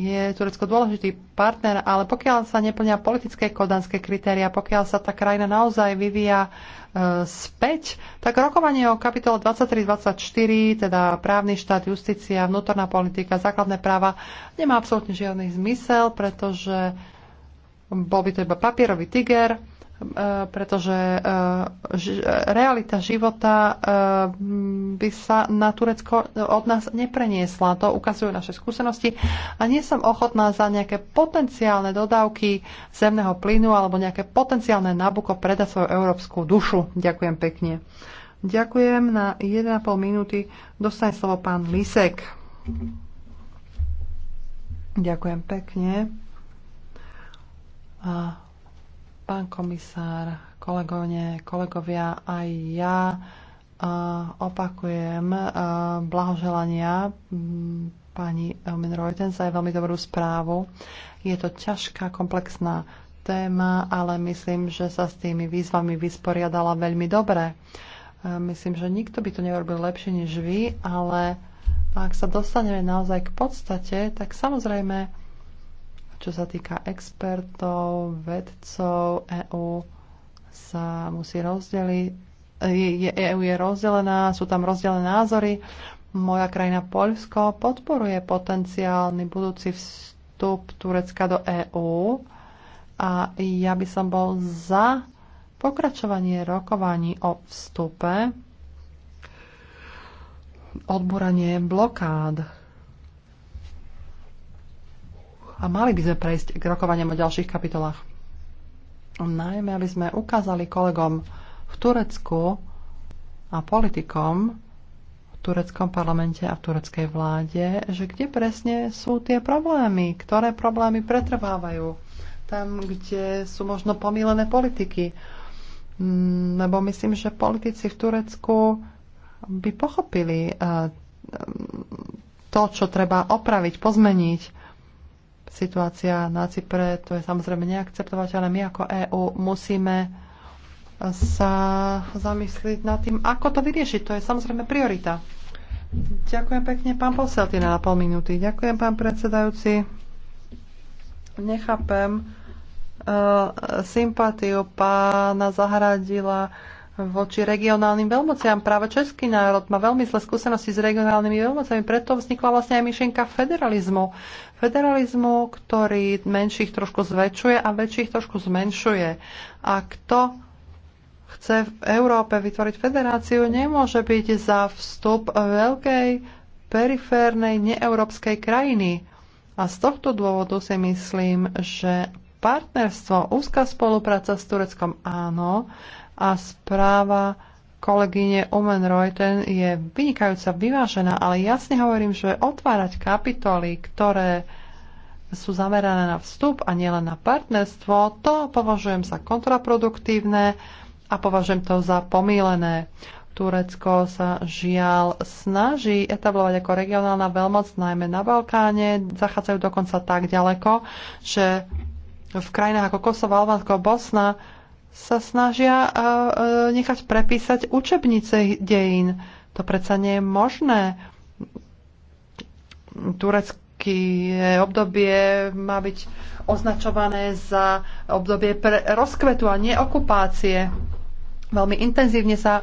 je Turecko dôležitý partner, ale pokiaľ sa neplňa politické kodanské kritéria, pokiaľ sa tá krajina naozaj vyvíja e, späť, tak rokovanie o kapitole 23-24, teda právny štát, justícia, vnútorná politika, základné práva, nemá absolútne žiadny zmysel, pretože bol by to iba papierový tiger Eh, pretože eh, realita života eh, by sa na Turecko od nás nepreniesla. To ukazujú naše skúsenosti a nie som ochotná za nejaké potenciálne dodávky zemného plynu alebo nejaké potenciálne nabuko predať svoju európsku dušu. Ďakujem pekne. Ďakujem. Na 1,5 minúty dostane slovo pán Lisek. Ďakujem pekne. A Pán komisár, kolegovne, kolegovia, aj ja opakujem blahoželania pani Elmin Reuten za veľmi dobrú správu. Je to ťažká, komplexná téma, ale myslím, že sa s tými výzvami vysporiadala veľmi dobre. Myslím, že nikto by to neurobil lepšie než vy, ale ak sa dostaneme naozaj k podstate, tak samozrejme čo sa týka expertov, vedcov, EÚ sa musí rozdeliť. EÚ e je rozdelená, sú tam rozdelené názory. Moja krajina Poľsko podporuje potenciálny budúci vstup Turecka do EÚ a ja by som bol za pokračovanie rokovaní o vstupe, odburanie blokád a mali by sme prejsť k rokovaniam o ďalších kapitolách. Najmä, aby sme ukázali kolegom v Turecku a politikom v tureckom parlamente a v tureckej vláde, že kde presne sú tie problémy, ktoré problémy pretrvávajú tam, kde sú možno pomílené politiky. Mm, lebo myslím, že politici v Turecku by pochopili eh, to, čo treba opraviť, pozmeniť Situácia na Cypre, to je samozrejme neakceptovateľné. My ako EÚ musíme sa zamyslieť nad tým, ako to vyriešiť. To je samozrejme priorita. Ďakujem pekne, pán Poselty, na pol minúty. Ďakujem, pán predsedajúci. Nechápem uh, sympatiu pána Zahradila voči regionálnym veľmociam. Práve český národ má veľmi zlé skúsenosti s regionálnymi veľmociami, preto vznikla vlastne aj myšlienka federalizmu. Federalizmu, ktorý menších trošku zväčšuje a väčších trošku zmenšuje. A kto chce v Európe vytvoriť federáciu, nemôže byť za vstup veľkej periférnej neeurópskej krajiny. A z tohto dôvodu si myslím, že partnerstvo, úzka spolupráca s Tureckom áno, a správa kolegyne Omen Reuten je vynikajúca, vyvážená, ale jasne hovorím, že otvárať kapitoly, ktoré sú zamerané na vstup a nielen na partnerstvo, to považujem za kontraproduktívne a považujem to za pomílené. Turecko sa žiaľ snaží etablovať ako regionálna veľmoc, najmä na Balkáne. Zachádzajú dokonca tak ďaleko, že v krajinách ako Kosovo, Albánsko, Bosna sa snažia nechať prepísať učebnice dejín. To predsa nie je možné. Turecké obdobie má byť označované za obdobie pre rozkvetu a nie okupácie. Veľmi intenzívne sa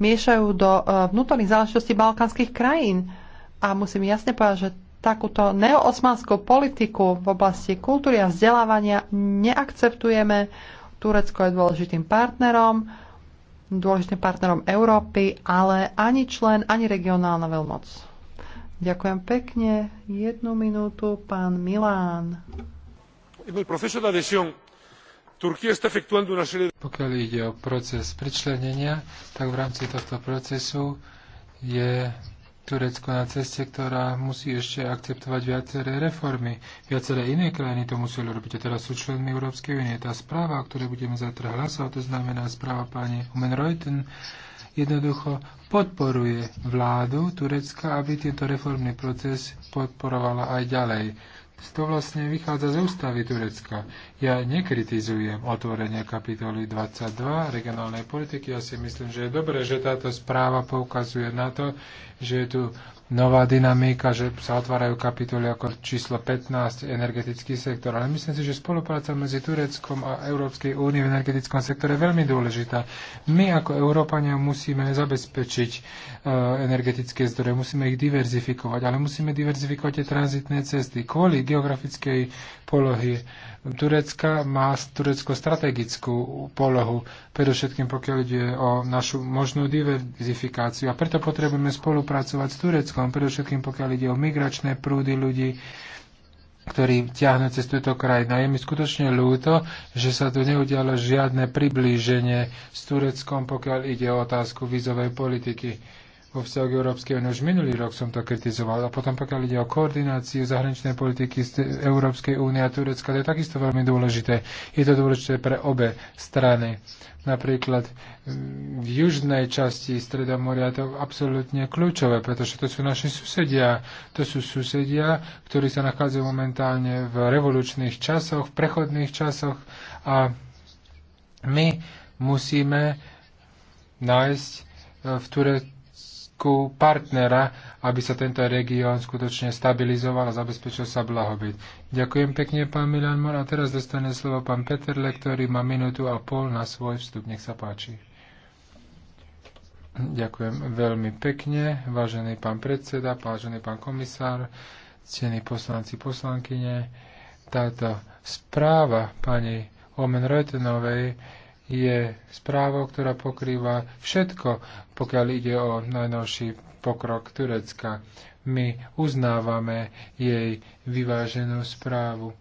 miešajú do vnútorných záležitostí balkánskych krajín. A musím jasne povedať, že takúto neoosmanskú politiku v oblasti kultúry a vzdelávania neakceptujeme Turecko je dôležitým partnerom, dôležitým partnerom Európy, ale ani člen, ani regionálna veľmoc. Ďakujem pekne. Jednu minútu, pán Milán. Pokiaľ ide o proces pričlenenia, tak v rámci tohto procesu je Turecko na ceste, ktorá musí ešte akceptovať viaceré reformy. Viaceré iné krajiny to museli robiť a teraz sú členmi Európskej únie. Tá správa, o ktorej budeme zajtra hlasovať, to znamená správa pani Human Reuten, jednoducho podporuje vládu Turecka, aby tento reformný proces podporovala aj ďalej to vlastne vychádza z ústavy Turecka. Ja nekritizujem otvorenie kapitoly 22 regionálnej politiky. Ja si myslím, že je dobré, že táto správa poukazuje na to, že je tu nová dynamika, že sa otvárajú kapitoly ako číslo 15, energetický sektor. Ale myslím si, že spolupráca medzi Tureckom a Európskej únie v energetickom sektore je veľmi dôležitá. My ako Európania musíme zabezpečiť e, energetické zdroje, musíme ich diverzifikovať, ale musíme diverzifikovať tie tranzitné cesty. Kvôli geografickej polohy Turecka má Turecko strategickú polohu, predovšetkým pokiaľ ide o našu možnú diverzifikáciu. A preto potrebujeme spolupracovať s Tureckom, predovšetkým pokiaľ ide o migračné prúdy ľudí, ktorí ťahnú cez túto krajinu. Je mi skutočne ľúto, že sa tu neudialo žiadne priblíženie s Tureckom, pokiaľ ide o otázku vízovej politiky vo vzťahu k Európskej únii. Už minulý rok som to kritizoval. A potom pokiaľ ide o koordináciu zahraničnej politiky z Európskej únie a Turecka, to je takisto veľmi dôležité. Je to dôležité pre obe strany. Napríklad e, v južnej časti Stredomoria to je absolútne kľúčové, pretože to sú naši susedia. To sú susedia, ktorí sa nachádzajú momentálne v revolučných časoch, v prechodných časoch a my musíme nájsť e, v Turecku ku partnera, aby sa tento región skutočne stabilizoval a zabezpečil sa blahobyt. Ďakujem pekne, pán Milan Mor. A teraz dostane slovo pán Peter Le, ktorý má minútu a pol na svoj vstup. Nech sa páči. Ďakujem veľmi pekne, vážený pán predseda, vážený pán komisár, cení poslanci, poslankyne. Táto správa pani Omen Reutenovej je správou, ktorá pokrýva všetko, pokiaľ ide o najnovší pokrok Turecka. My uznávame jej vyváženú správu.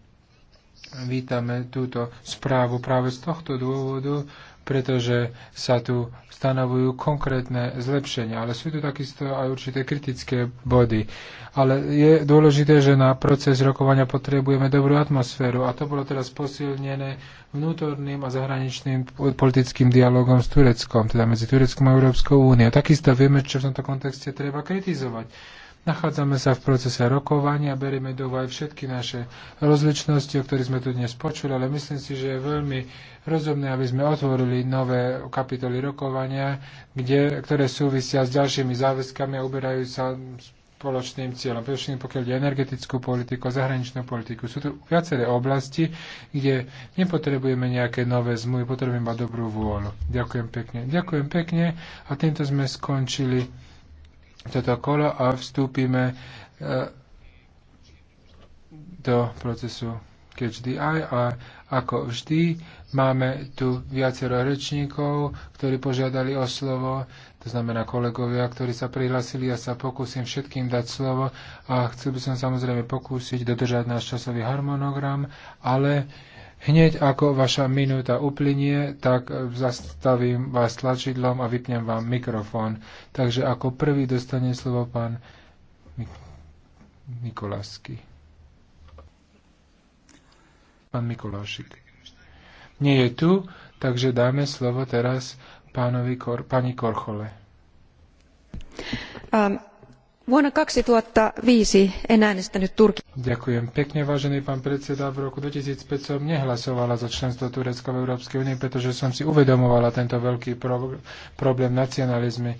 Vítame túto správu práve z tohto dôvodu, pretože sa tu stanovujú konkrétne zlepšenia. Ale sú tu takisto aj určité kritické body. Ale je dôležité, že na proces rokovania potrebujeme dobrú atmosféru a to bolo teraz posilnené vnútorným a zahraničným politickým dialogom s Tureckom, teda medzi Tureckom a Európskou úniou. Takisto vieme, čo v tomto kontexte treba kritizovať Nachádzame sa v procese rokovania, berieme do úvahy všetky naše rozličnosti, o ktorých sme tu dnes počuli, ale myslím si, že je veľmi rozumné, aby sme otvorili nové kapitoly rokovania, kde, ktoré súvisia s ďalšími záväzkami a uberajú sa spoločným cieľom, Prečo pokiaľ ide energetickú politiku a zahraničnú politiku. Sú tu viaceré oblasti, kde nepotrebujeme nejaké nové zmluvy, potrebujeme iba dobrú vôľu. Ďakujem pekne. Ďakujem pekne a týmto sme skončili toto kolo a vstúpime e, do procesu Catch the Eye a ako vždy máme tu viacero rečníkov, ktorí požiadali o slovo, to znamená kolegovia, ktorí sa prihlásili. Ja sa pokúsim všetkým dať slovo a chcel by som samozrejme pokúsiť dodržať náš časový harmonogram, ale uh, Hneď ako vaša minúta uplynie, tak zastavím vás tlačidlom a vypnem vám mikrofón. Takže ako prvý dostane slovo pán Mik- Mikolasky. Pán Mikolášik. Nie je tu, takže dáme slovo teraz pánovi Kor- pani Korchole. Um. Vuonna 2005 en äänestänyt Turkia. Ďakujem pekne, vážený pán predseda. V roku 2005 som nehlasovala za členstvo Turecka v Európskej únii, pretože som si uvedomovala tento veľký pro- problém nacionalizmy,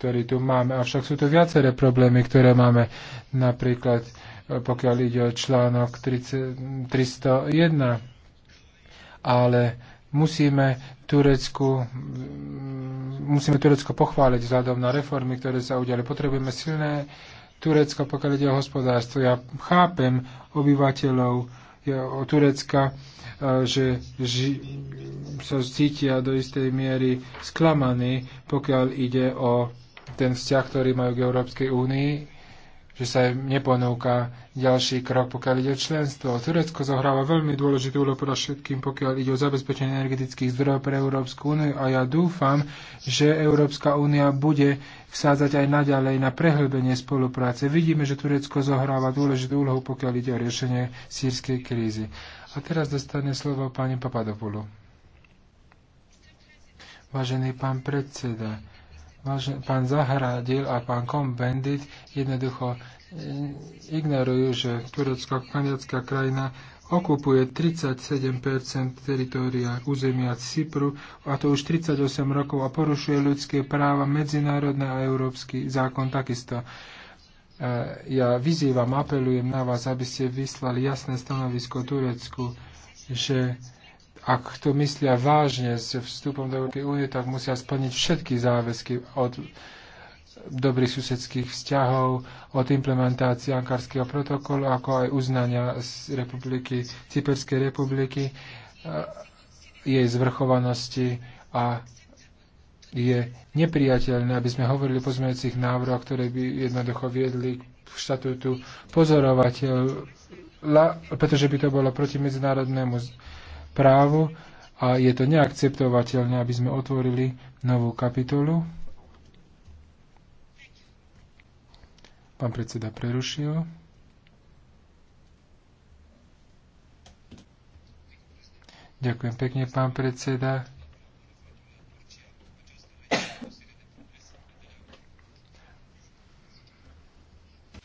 ktorý tu máme. Avšak sú tu viaceré problémy, ktoré máme. Napríklad, e, pokiaľ ide o článok 30, 301. Ale musíme Turecku, mm, musíme Turecko pochváliť vzhľadom na reformy, ktoré sa udiali. Potrebujeme silné Turecko, pokiaľ ide o hospodárstvo. Ja chápem obyvateľov o Turecka, e, že ži, sa cítia do istej miery sklamaní, pokiaľ ide o ten vzťah, ktorý majú k Európskej únii že sa im neponúka ďalší krok, pokiaľ ide o členstvo. Turecko zohráva veľmi dôležitú úlohu pre všetkým, pokiaľ ide o zabezpečenie energetických zdrojov pre Európsku úniu a ja dúfam, že Európska únia bude vsádzať aj naďalej na prehlbenie spolupráce. Vidíme, že Turecko zohráva dôležitú úlohu, pokiaľ ide o riešenie sírskej krízy. A teraz dostane slovo pani Papadopoulou. Vážený pán predseda, pán Zahradil a pán Kombendit jednoducho eh, ignorujú, že Turecko, kanadská krajina, okupuje 37 teritoria územia Cypru a to už 38 rokov a porušuje ľudské práva, medzinárodné a európsky zákon takisto. Eh, ja vyzývam, apelujem na vás, aby ste vyslali jasné stanovisko Turecku, že ak to myslia vážne s vstupom do Európskej únie, tak musia splniť všetky záväzky od dobrých susedských vzťahov, od implementácie Ankarského protokolu, ako aj uznania z republiky, Cyperskej republiky, eh, jej zvrchovanosti a je nepriateľné, aby sme hovorili o pozmeňujúcich návrhoch, ktoré by jednoducho viedli k štatútu pozorovateľa, pretože by to bolo proti medzinárodnému právo a je to neakceptovateľné, aby sme otvorili novú kapitolu. Pán predseda prerušil. Ďakujem pekne, pán predseda.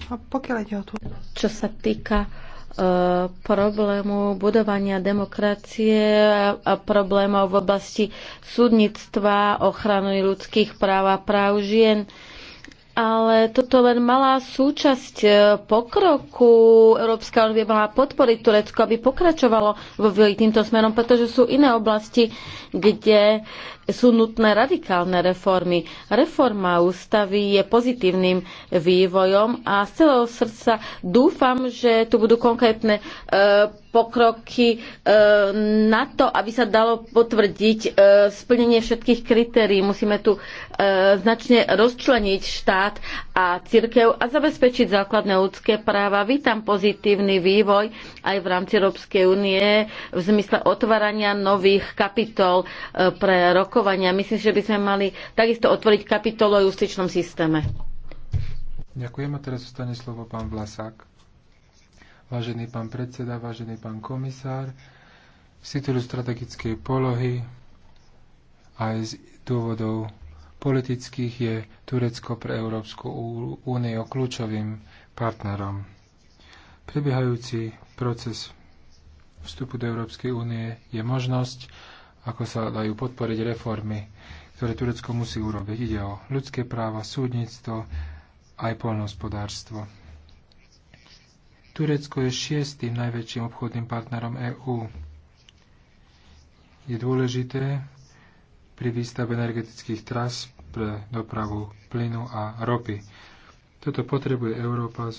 A pokiaľ ide o tú... Čo sa týka problému budovania demokracie a problémov v oblasti súdnictva, ochrany ľudských práv a práv žien. Ale toto len malá súčasť e, pokroku. Európska únia mala podporiť Turecko, aby pokračovalo týmto smerom, pretože sú iné oblasti, kde sú nutné radikálne reformy. Reforma ústavy je pozitívnym vývojom a z celého srdca dúfam, že tu budú konkrétne e, pokroky e, na to, aby sa dalo potvrdiť e, splnenie všetkých kritérií. Musíme tu e, značne rozčleniť štát a církev a zabezpečiť základné ľudské práva. Vítam pozitívny vývoj aj v rámci Európskej únie v zmysle otvárania nových kapitol e, pre rok rokovania. Myslím, že by sme mali takisto otvoriť kapitolu o justičnom systéme. Ďakujem a teraz zostane slovo pán Vlasák. Vážený pán predseda, vážený pán komisár, V titulu strategickej polohy aj z dôvodov politických je Turecko pre Európsku úniu kľúčovým partnerom. Prebiehajúci proces vstupu do Európskej únie je možnosť, ako sa dajú podporiť reformy, ktoré Turecko musí urobiť. Ide o ľudské práva, súdnictvo, aj poľnohospodárstvo. Turecko je šiestým najväčším obchodným partnerom EÚ. Je dôležité pri výstave energetických tras pre dopravu plynu a ropy. Toto potrebuje Európa.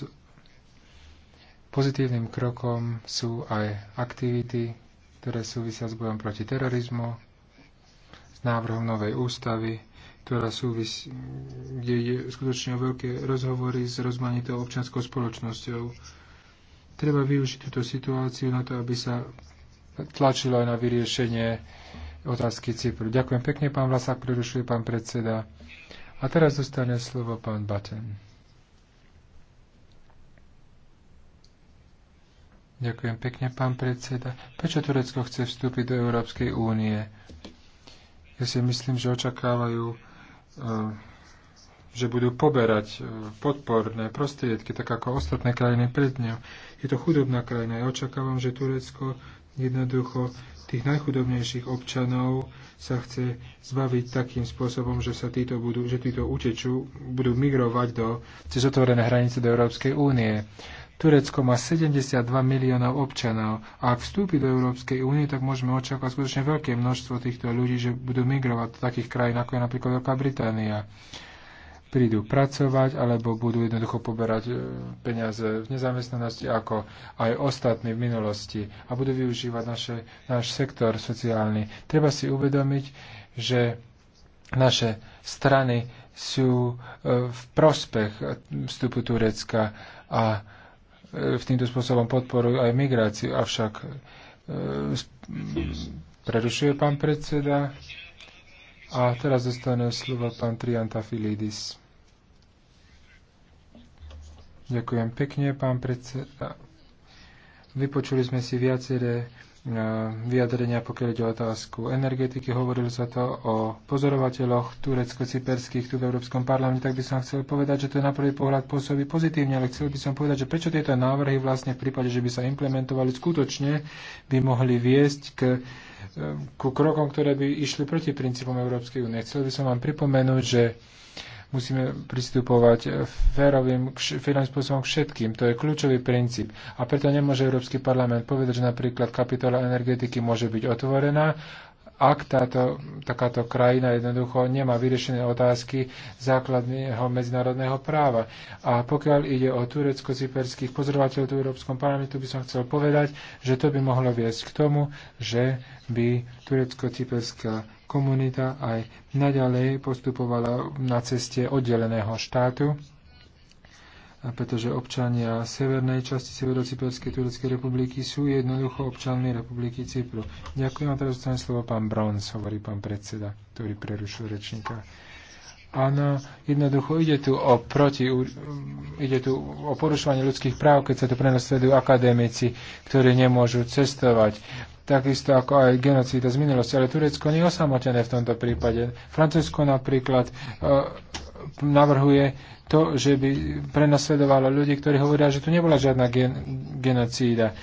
Pozitívnym krokom sú aj aktivity, ktoré súvisia s bojom proti terorizmu, s návrhom novej ústavy, ktorá súvisí, kde je skutočne o veľké rozhovory s rozmanitou občianskou spoločnosťou. Treba využiť túto situáciu na to, aby sa tlačilo aj na vyriešenie otázky Cypru. Ďakujem pekne, pán Vlasák, prerušuje pán predseda. A teraz dostane slovo pán Baten. Ďakujem pekne, pán predseda. Prečo Turecko chce vstúpiť do Európskej únie? Ja si myslím, že očakávajú, e, že budú poberať e, podporné prostriedky, tak ako ostatné krajiny pred ňou. Je to chudobná krajina. Ja očakávam, že Turecko jednoducho tých najchudobnejších občanov sa chce zbaviť takým spôsobom, že sa títo budú, že títo utečú, budú migrovať do, cez otvorené hranice do Európskej únie. Turecko má 72 miliónov občanov a ak vstúpi do Európskej únie, tak môžeme očakávať skutočne veľké množstvo týchto ľudí, že budú migrovať do takých krajín, ako je napríklad Veľká Británia. Prídu pracovať alebo budú jednoducho poberať e, peniaze v nezamestnanosti ako aj ostatní v minulosti a budú využívať naše, náš sektor sociálny. Treba si uvedomiť, že naše strany sú e, v prospech vstupu Turecka a v týmto spôsobom podporujú aj migráciu. Avšak e, prerušuje pán predseda a teraz zostane slovo pán Trianta Filidis. Ďakujem pekne, pán predseda. Vypočuli sme si viaceré E, vyjadrenia, pokiaľ ide o otázku energetiky. Hovorili sa to o pozorovateľoch turecko-cyperských tu v Európskom parlamente, tak by som chcel povedať, že to na prvý pohľad pôsobí pozitívne, ale chcel by som povedať, že prečo tieto návrhy vlastne v prípade, že by sa implementovali skutočne, by mohli viesť k e, ku krokom, ktoré by išli proti princípom Európskej únie. Chcel by som vám pripomenúť, že Musíme pristupovať férovým férovým spôsobom k všetkým. To je kľúčový princíp. A preto nemôže Európsky parlament povedať, že napríklad kapitola energetiky môže byť otvorená, ak táto, takáto krajina jednoducho nemá vyriešené otázky základného medzinárodného práva. A pokiaľ ide o turecko ciperských pozorovateľov v Európskom parlamentu, by som chcel povedať, že to by mohlo viesť k tomu, že by turecko ciperská komunita aj naďalej postupovala na ceste oddeleného štátu, pretože občania severnej časti Severocyperskej Tureckej republiky sú jednoducho občanmi republiky Cypru. Ďakujem a teraz dostane slovo pán Brons, hovorí pán predseda, ktorý prerušil rečníka. Áno, jednoducho ide tu o proti, ide tu o porušovanie ľudských práv, keď sa tu prenosledujú akadémici, ktorí nemôžu cestovať takisto ako aj genocída z minulosti. Ale Turecko nie je osamotené v tomto prípade. Francúzsko napríklad e, navrhuje to, že by prenasledovalo ľudí, ktorí hovoria, že tu nebola žiadna gen- genocída.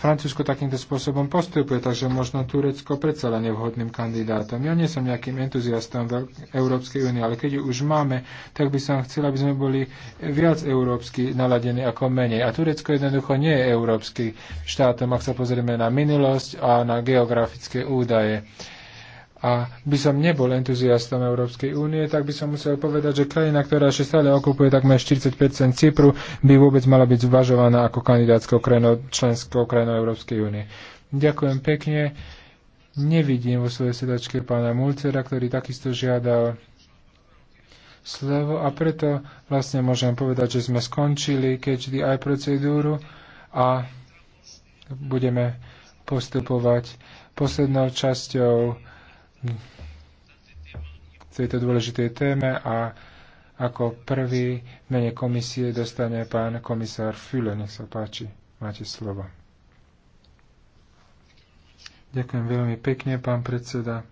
Francúzsko takýmto spôsobom postupuje, takže možno Turecko predsa len je vhodným kandidátom. Ja nie som nejakým entuziastom v Európskej únie, ale keď ju už máme, tak by som chcel, aby sme boli viac európsky naladení ako menej. A Turecko jednoducho nie je európsky štátom, ak sa pozrieme na minulosť a na geografické údaje a by som nebol entuziastom Európskej únie, tak by som musel povedať, že krajina, ktorá ešte stále okupuje takmer cent Cypru, by vôbec mala byť zvažovaná ako kandidátskou krajinou, členskou krajinou Európskej únie. Ďakujem pekne. Nevidím vo svojej sedačke pána Mulcera, ktorý takisto žiadal slovo a preto vlastne môžem povedať, že sme skončili KHDI aj procedúru a budeme postupovať poslednou časťou tejto hm. dôležitej téme a ako prvý mene komisie dostane pán komisár Füle. Nech sa páči, máte slovo. Ďakujem veľmi pekne, pán predseda.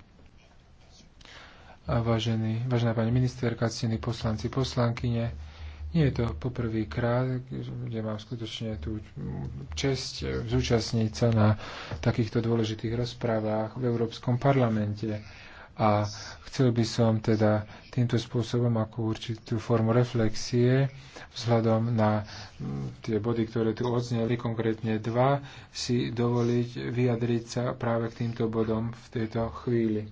A vážený, vážená pani ministerka, ctení poslanci, poslankyne, nie je to poprvýkrát, kde mám skutočne tú čest zúčastniť sa na takýchto dôležitých rozprávach v Európskom parlamente. A chcel by som teda týmto spôsobom ako určitú formu reflexie vzhľadom na tie body, ktoré tu odzneli, konkrétne dva, si dovoliť vyjadriť sa práve k týmto bodom v tejto chvíli.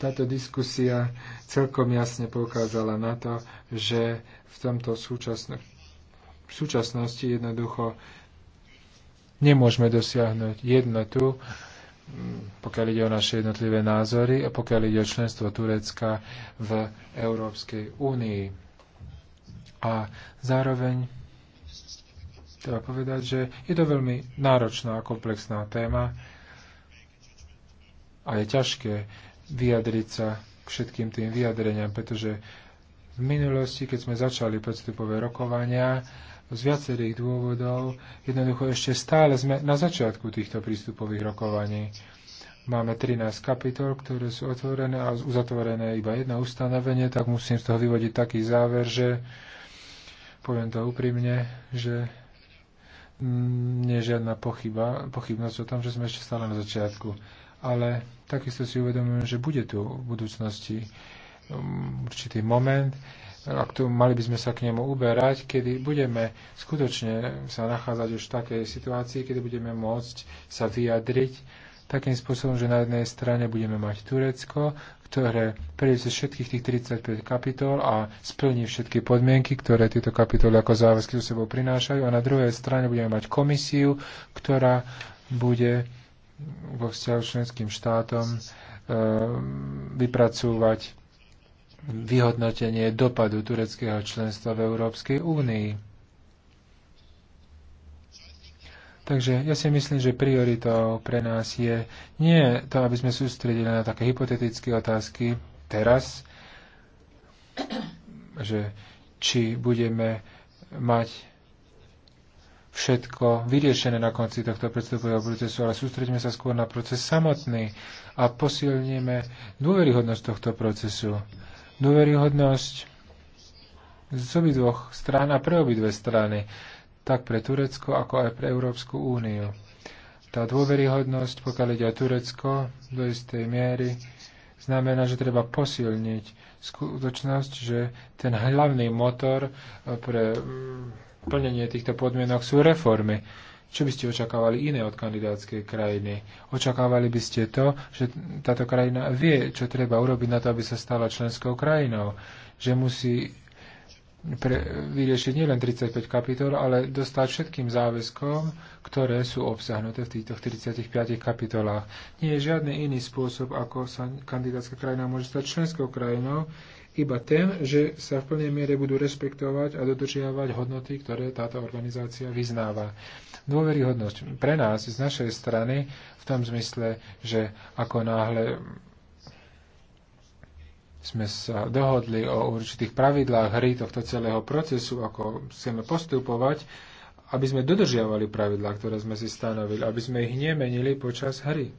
Táto diskusia celkom jasne poukázala na to, že v tomto súčasno, v súčasnosti jednoducho nemôžeme dosiahnuť jednotu, mm, pokiaľ ide o naše jednotlivé názory a pokiaľ ide o členstvo Turecka v Európskej únii. A zároveň treba povedať, že je to veľmi náročná a komplexná téma a je ťažké vyjadriť sa k všetkým tým vyjadreniam, pretože v minulosti, keď sme začali predstupové rokovania, z viacerých dôvodov, jednoducho ešte stále sme na začiatku týchto prístupových rokovaní. Máme 13 kapitol, ktoré sú otvorené a uzatvorené iba jedno ustanovenie, tak musím z toho vyvodiť taký záver, že poviem to úprimne, že nie je žiadna pochyba, pochybnosť o tom, že sme ešte stále na začiatku ale takisto si uvedomujem, že bude tu v budúcnosti um, určitý moment, a tu mali by sme sa k nemu uberať, kedy budeme skutočne sa nachádzať už v takej situácii, kedy budeme môcť sa vyjadriť takým spôsobom, že na jednej strane budeme mať Turecko, ktoré prejde všetkých tých 35 kapitol a splní všetky podmienky, ktoré tieto kapitoly ako záväzky so sebou prinášajú. A na druhej strane budeme mať komisiu, ktorá bude vo vzťahu členským štátom e, vypracúvať vyhodnotenie dopadu tureckého členstva v Európskej únii. Takže ja si myslím, že prioritou pre nás je nie to, aby sme sústredili na také hypotetické otázky teraz, že či budeme mať všetko vyriešené na konci tohto predstupového procesu, ale sústredíme sa skôr na proces samotný a posilníme dôveryhodnosť tohto procesu. Dôveryhodnosť z obidvoch strán a pre obidve strany, tak pre Turecko, ako aj pre Európsku úniu. Tá dôveryhodnosť, pokiaľ ide o Turecko, do istej miery znamená, že treba posilniť skutočnosť, že ten hlavný motor eh, pre mm, plnenie týchto podmienok sú reformy. Čo by ste očakávali iné od kandidátskej krajiny? Očakávali by ste to, že táto krajina vie, čo treba urobiť na to, aby sa stala členskou krajinou. Že musí pre, vyriešiť nielen 35 kapitol, ale dostať všetkým záväzkom, ktoré sú obsahnuté v týchto 35 kapitolách. Nie je žiadny iný spôsob, ako sa kandidátska krajina môže stať členskou krajinou, iba ten, že sa v plnej miere budú respektovať a dodržiavať hodnoty, ktoré táto organizácia vyznáva. Dôveryhodnosť pre nás z našej strany v tom zmysle, že ako náhle sme sa dohodli o určitých pravidlách hry tohto celého procesu, ako chceme postupovať, aby sme dodržiavali pravidlá, ktoré sme si stanovili, aby sme ich nemenili počas hry.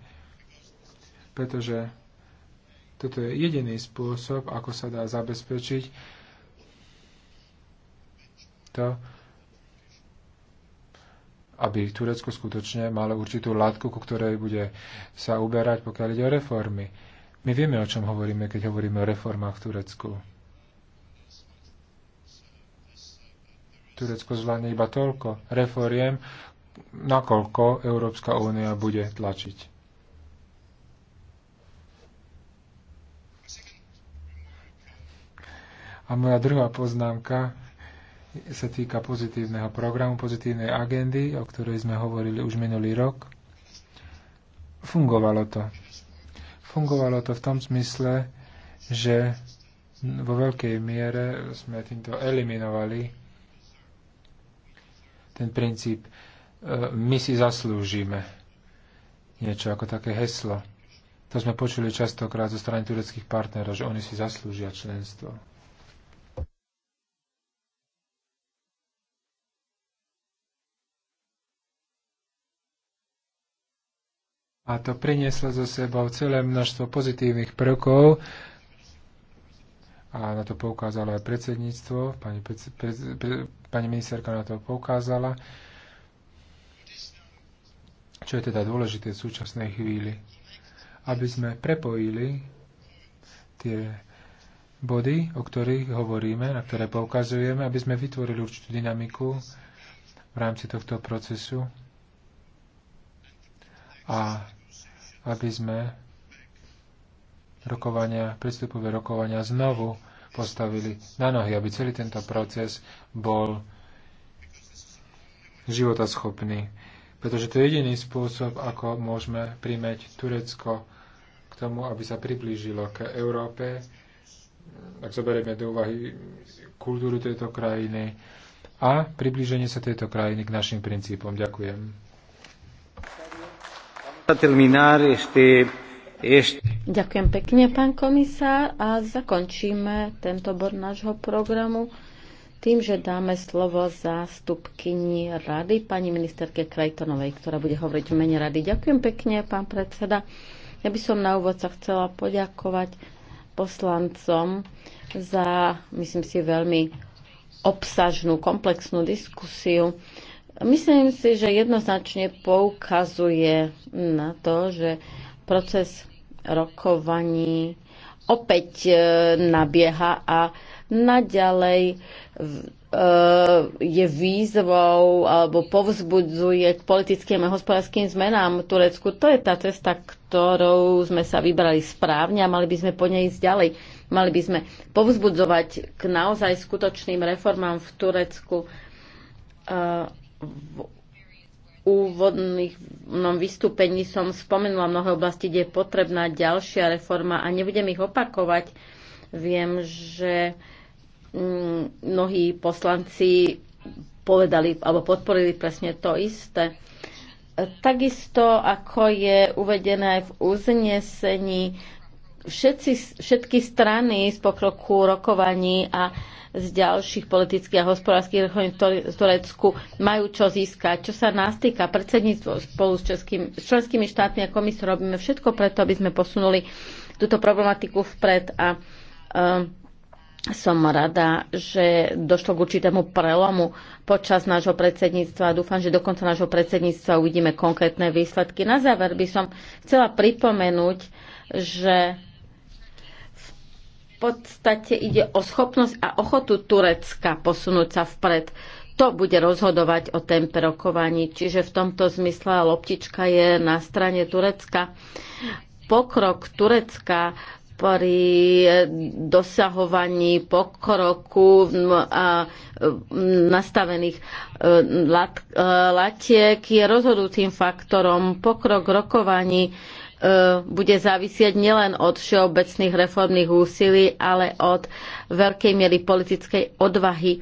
Pretože toto je jediný spôsob, ako sa dá zabezpečiť to, aby Turecko skutočne malo určitú látku, ku ktorej bude sa uberať, pokiaľ ide o reformy. My vieme, o čom hovoríme, keď hovoríme o reformách v Turecku. Turecko zvládne iba toľko reforiem, nakoľko Európska únia bude tlačiť. A moja druhá poznámka sa týka pozitívneho programu, pozitívnej agendy, o ktorej sme hovorili už minulý rok. Fungovalo to. Fungovalo to v tom smysle, že vo veľkej miere sme týmto eliminovali ten princíp e, my si zaslúžime. Niečo ako také heslo. To sme počuli častokrát zo strany tureckých partnerov, že oni si zaslúžia členstvo. a to prinieslo zo sebou celé množstvo pozitívnych prvkov a na to poukázalo aj predsedníctvo, pani, pre, pre, pre, pani ministerka na to poukázala, čo je teda dôležité v súčasnej chvíli, aby sme prepojili tie body, o ktorých hovoríme, na ktoré poukazujeme, aby sme vytvorili určitú dynamiku v rámci tohto procesu a aby sme rokovania, prístupové rokovania znovu postavili na nohy, aby celý tento proces bol životaschopný. Pretože to je jediný spôsob, ako môžeme primeť Turecko k tomu, aby sa priblížilo k Európe, ak zoberieme do úvahy kultúru tejto krajiny a priblíženie sa tejto krajiny k našim princípom. Ďakujem. Ďakujem pekne, pán komisár, a zakončíme tento bod nášho programu tým, že dáme slovo zástupkyni rady, pani ministerke Krajtonovej, ktorá bude hovoriť v mene rady. Ďakujem pekne, pán predseda. Ja by som na úvod sa chcela poďakovať poslancom za, myslím si, veľmi obsažnú, komplexnú diskusiu. Myslím si, že jednoznačne poukazuje na to, že proces rokovaní opäť e, nabieha a naďalej e, je výzvou alebo povzbudzuje k politickým a hospodárským zmenám v Turecku. To je tá cesta, ktorou sme sa vybrali správne a mali by sme po nej ísť ďalej. Mali by sme povzbudzovať k naozaj skutočným reformám v Turecku e, v úvodnom vystúpení som spomenula mnohé oblasti, kde je potrebná ďalšia reforma a nebudem ich opakovať. Viem, že mm, mnohí poslanci povedali alebo podporili presne to isté. Takisto, ako je uvedené aj v uznesení, všetci, všetky strany z pokroku rokovaní a z ďalších politických a hospodárskych reform v Turecku majú čo získať. Čo sa nás týka predsedníctvo spolu s, českým, s členskými štátmi a komisiou robíme všetko preto, aby sme posunuli túto problematiku vpred a um, som rada, že došlo k určitému prelomu počas nášho predsedníctva a dúfam, že do konca nášho predsedníctva uvidíme konkrétne výsledky. Na záver by som chcela pripomenúť, že podstate ide o schopnosť a ochotu Turecka posunúť sa vpred. To bude rozhodovať o tempe rokovaní, čiže v tomto zmysle loptička je na strane Turecka. Pokrok Turecka pri dosahovaní pokroku a nastavených e, e, latiek je rozhodujúcim faktorom. Pokrok rokovaní E, bude závisieť nielen od všeobecných reformných úsilí, ale od veľkej miery politickej odvahy e,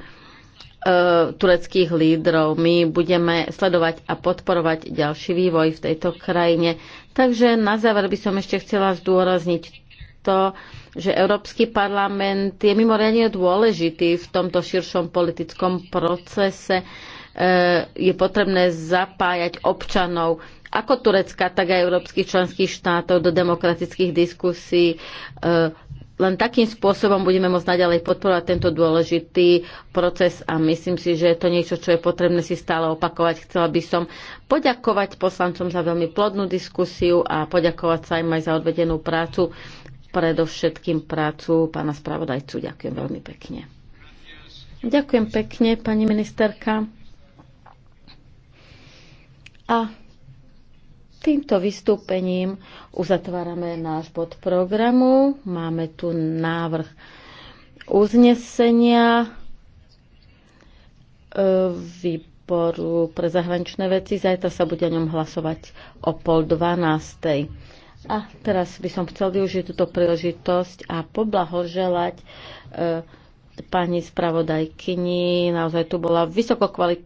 tureckých lídrov. My budeme sledovať a podporovať ďalší vývoj v tejto krajine. Takže na záver by som ešte chcela zdôrazniť to, že Európsky parlament je mimoriadne dôležitý v tomto širšom politickom procese E, je potrebné zapájať občanov ako Turecka, tak aj európskych členských štátov do demokratických diskusí. E, len takým spôsobom budeme môcť naďalej podporovať tento dôležitý proces a myslím si, že je to niečo, čo je potrebné si stále opakovať. Chcela by som poďakovať poslancom za veľmi plodnú diskusiu a poďakovať sa im aj za odvedenú prácu, predovšetkým prácu pána spravodajcu. Ďakujem veľmi pekne. Ďakujem pekne, pani ministerka. A týmto vystúpením uzatvárame náš bod programu. Máme tu návrh uznesenia e, výboru pre zahraničné veci. Zajtra sa bude o ňom hlasovať o pol dvanástej. A teraz by som chcel využiť túto príležitosť a poblahoželať e, pani spravodajkyni. Naozaj tu bola vysokokvalitná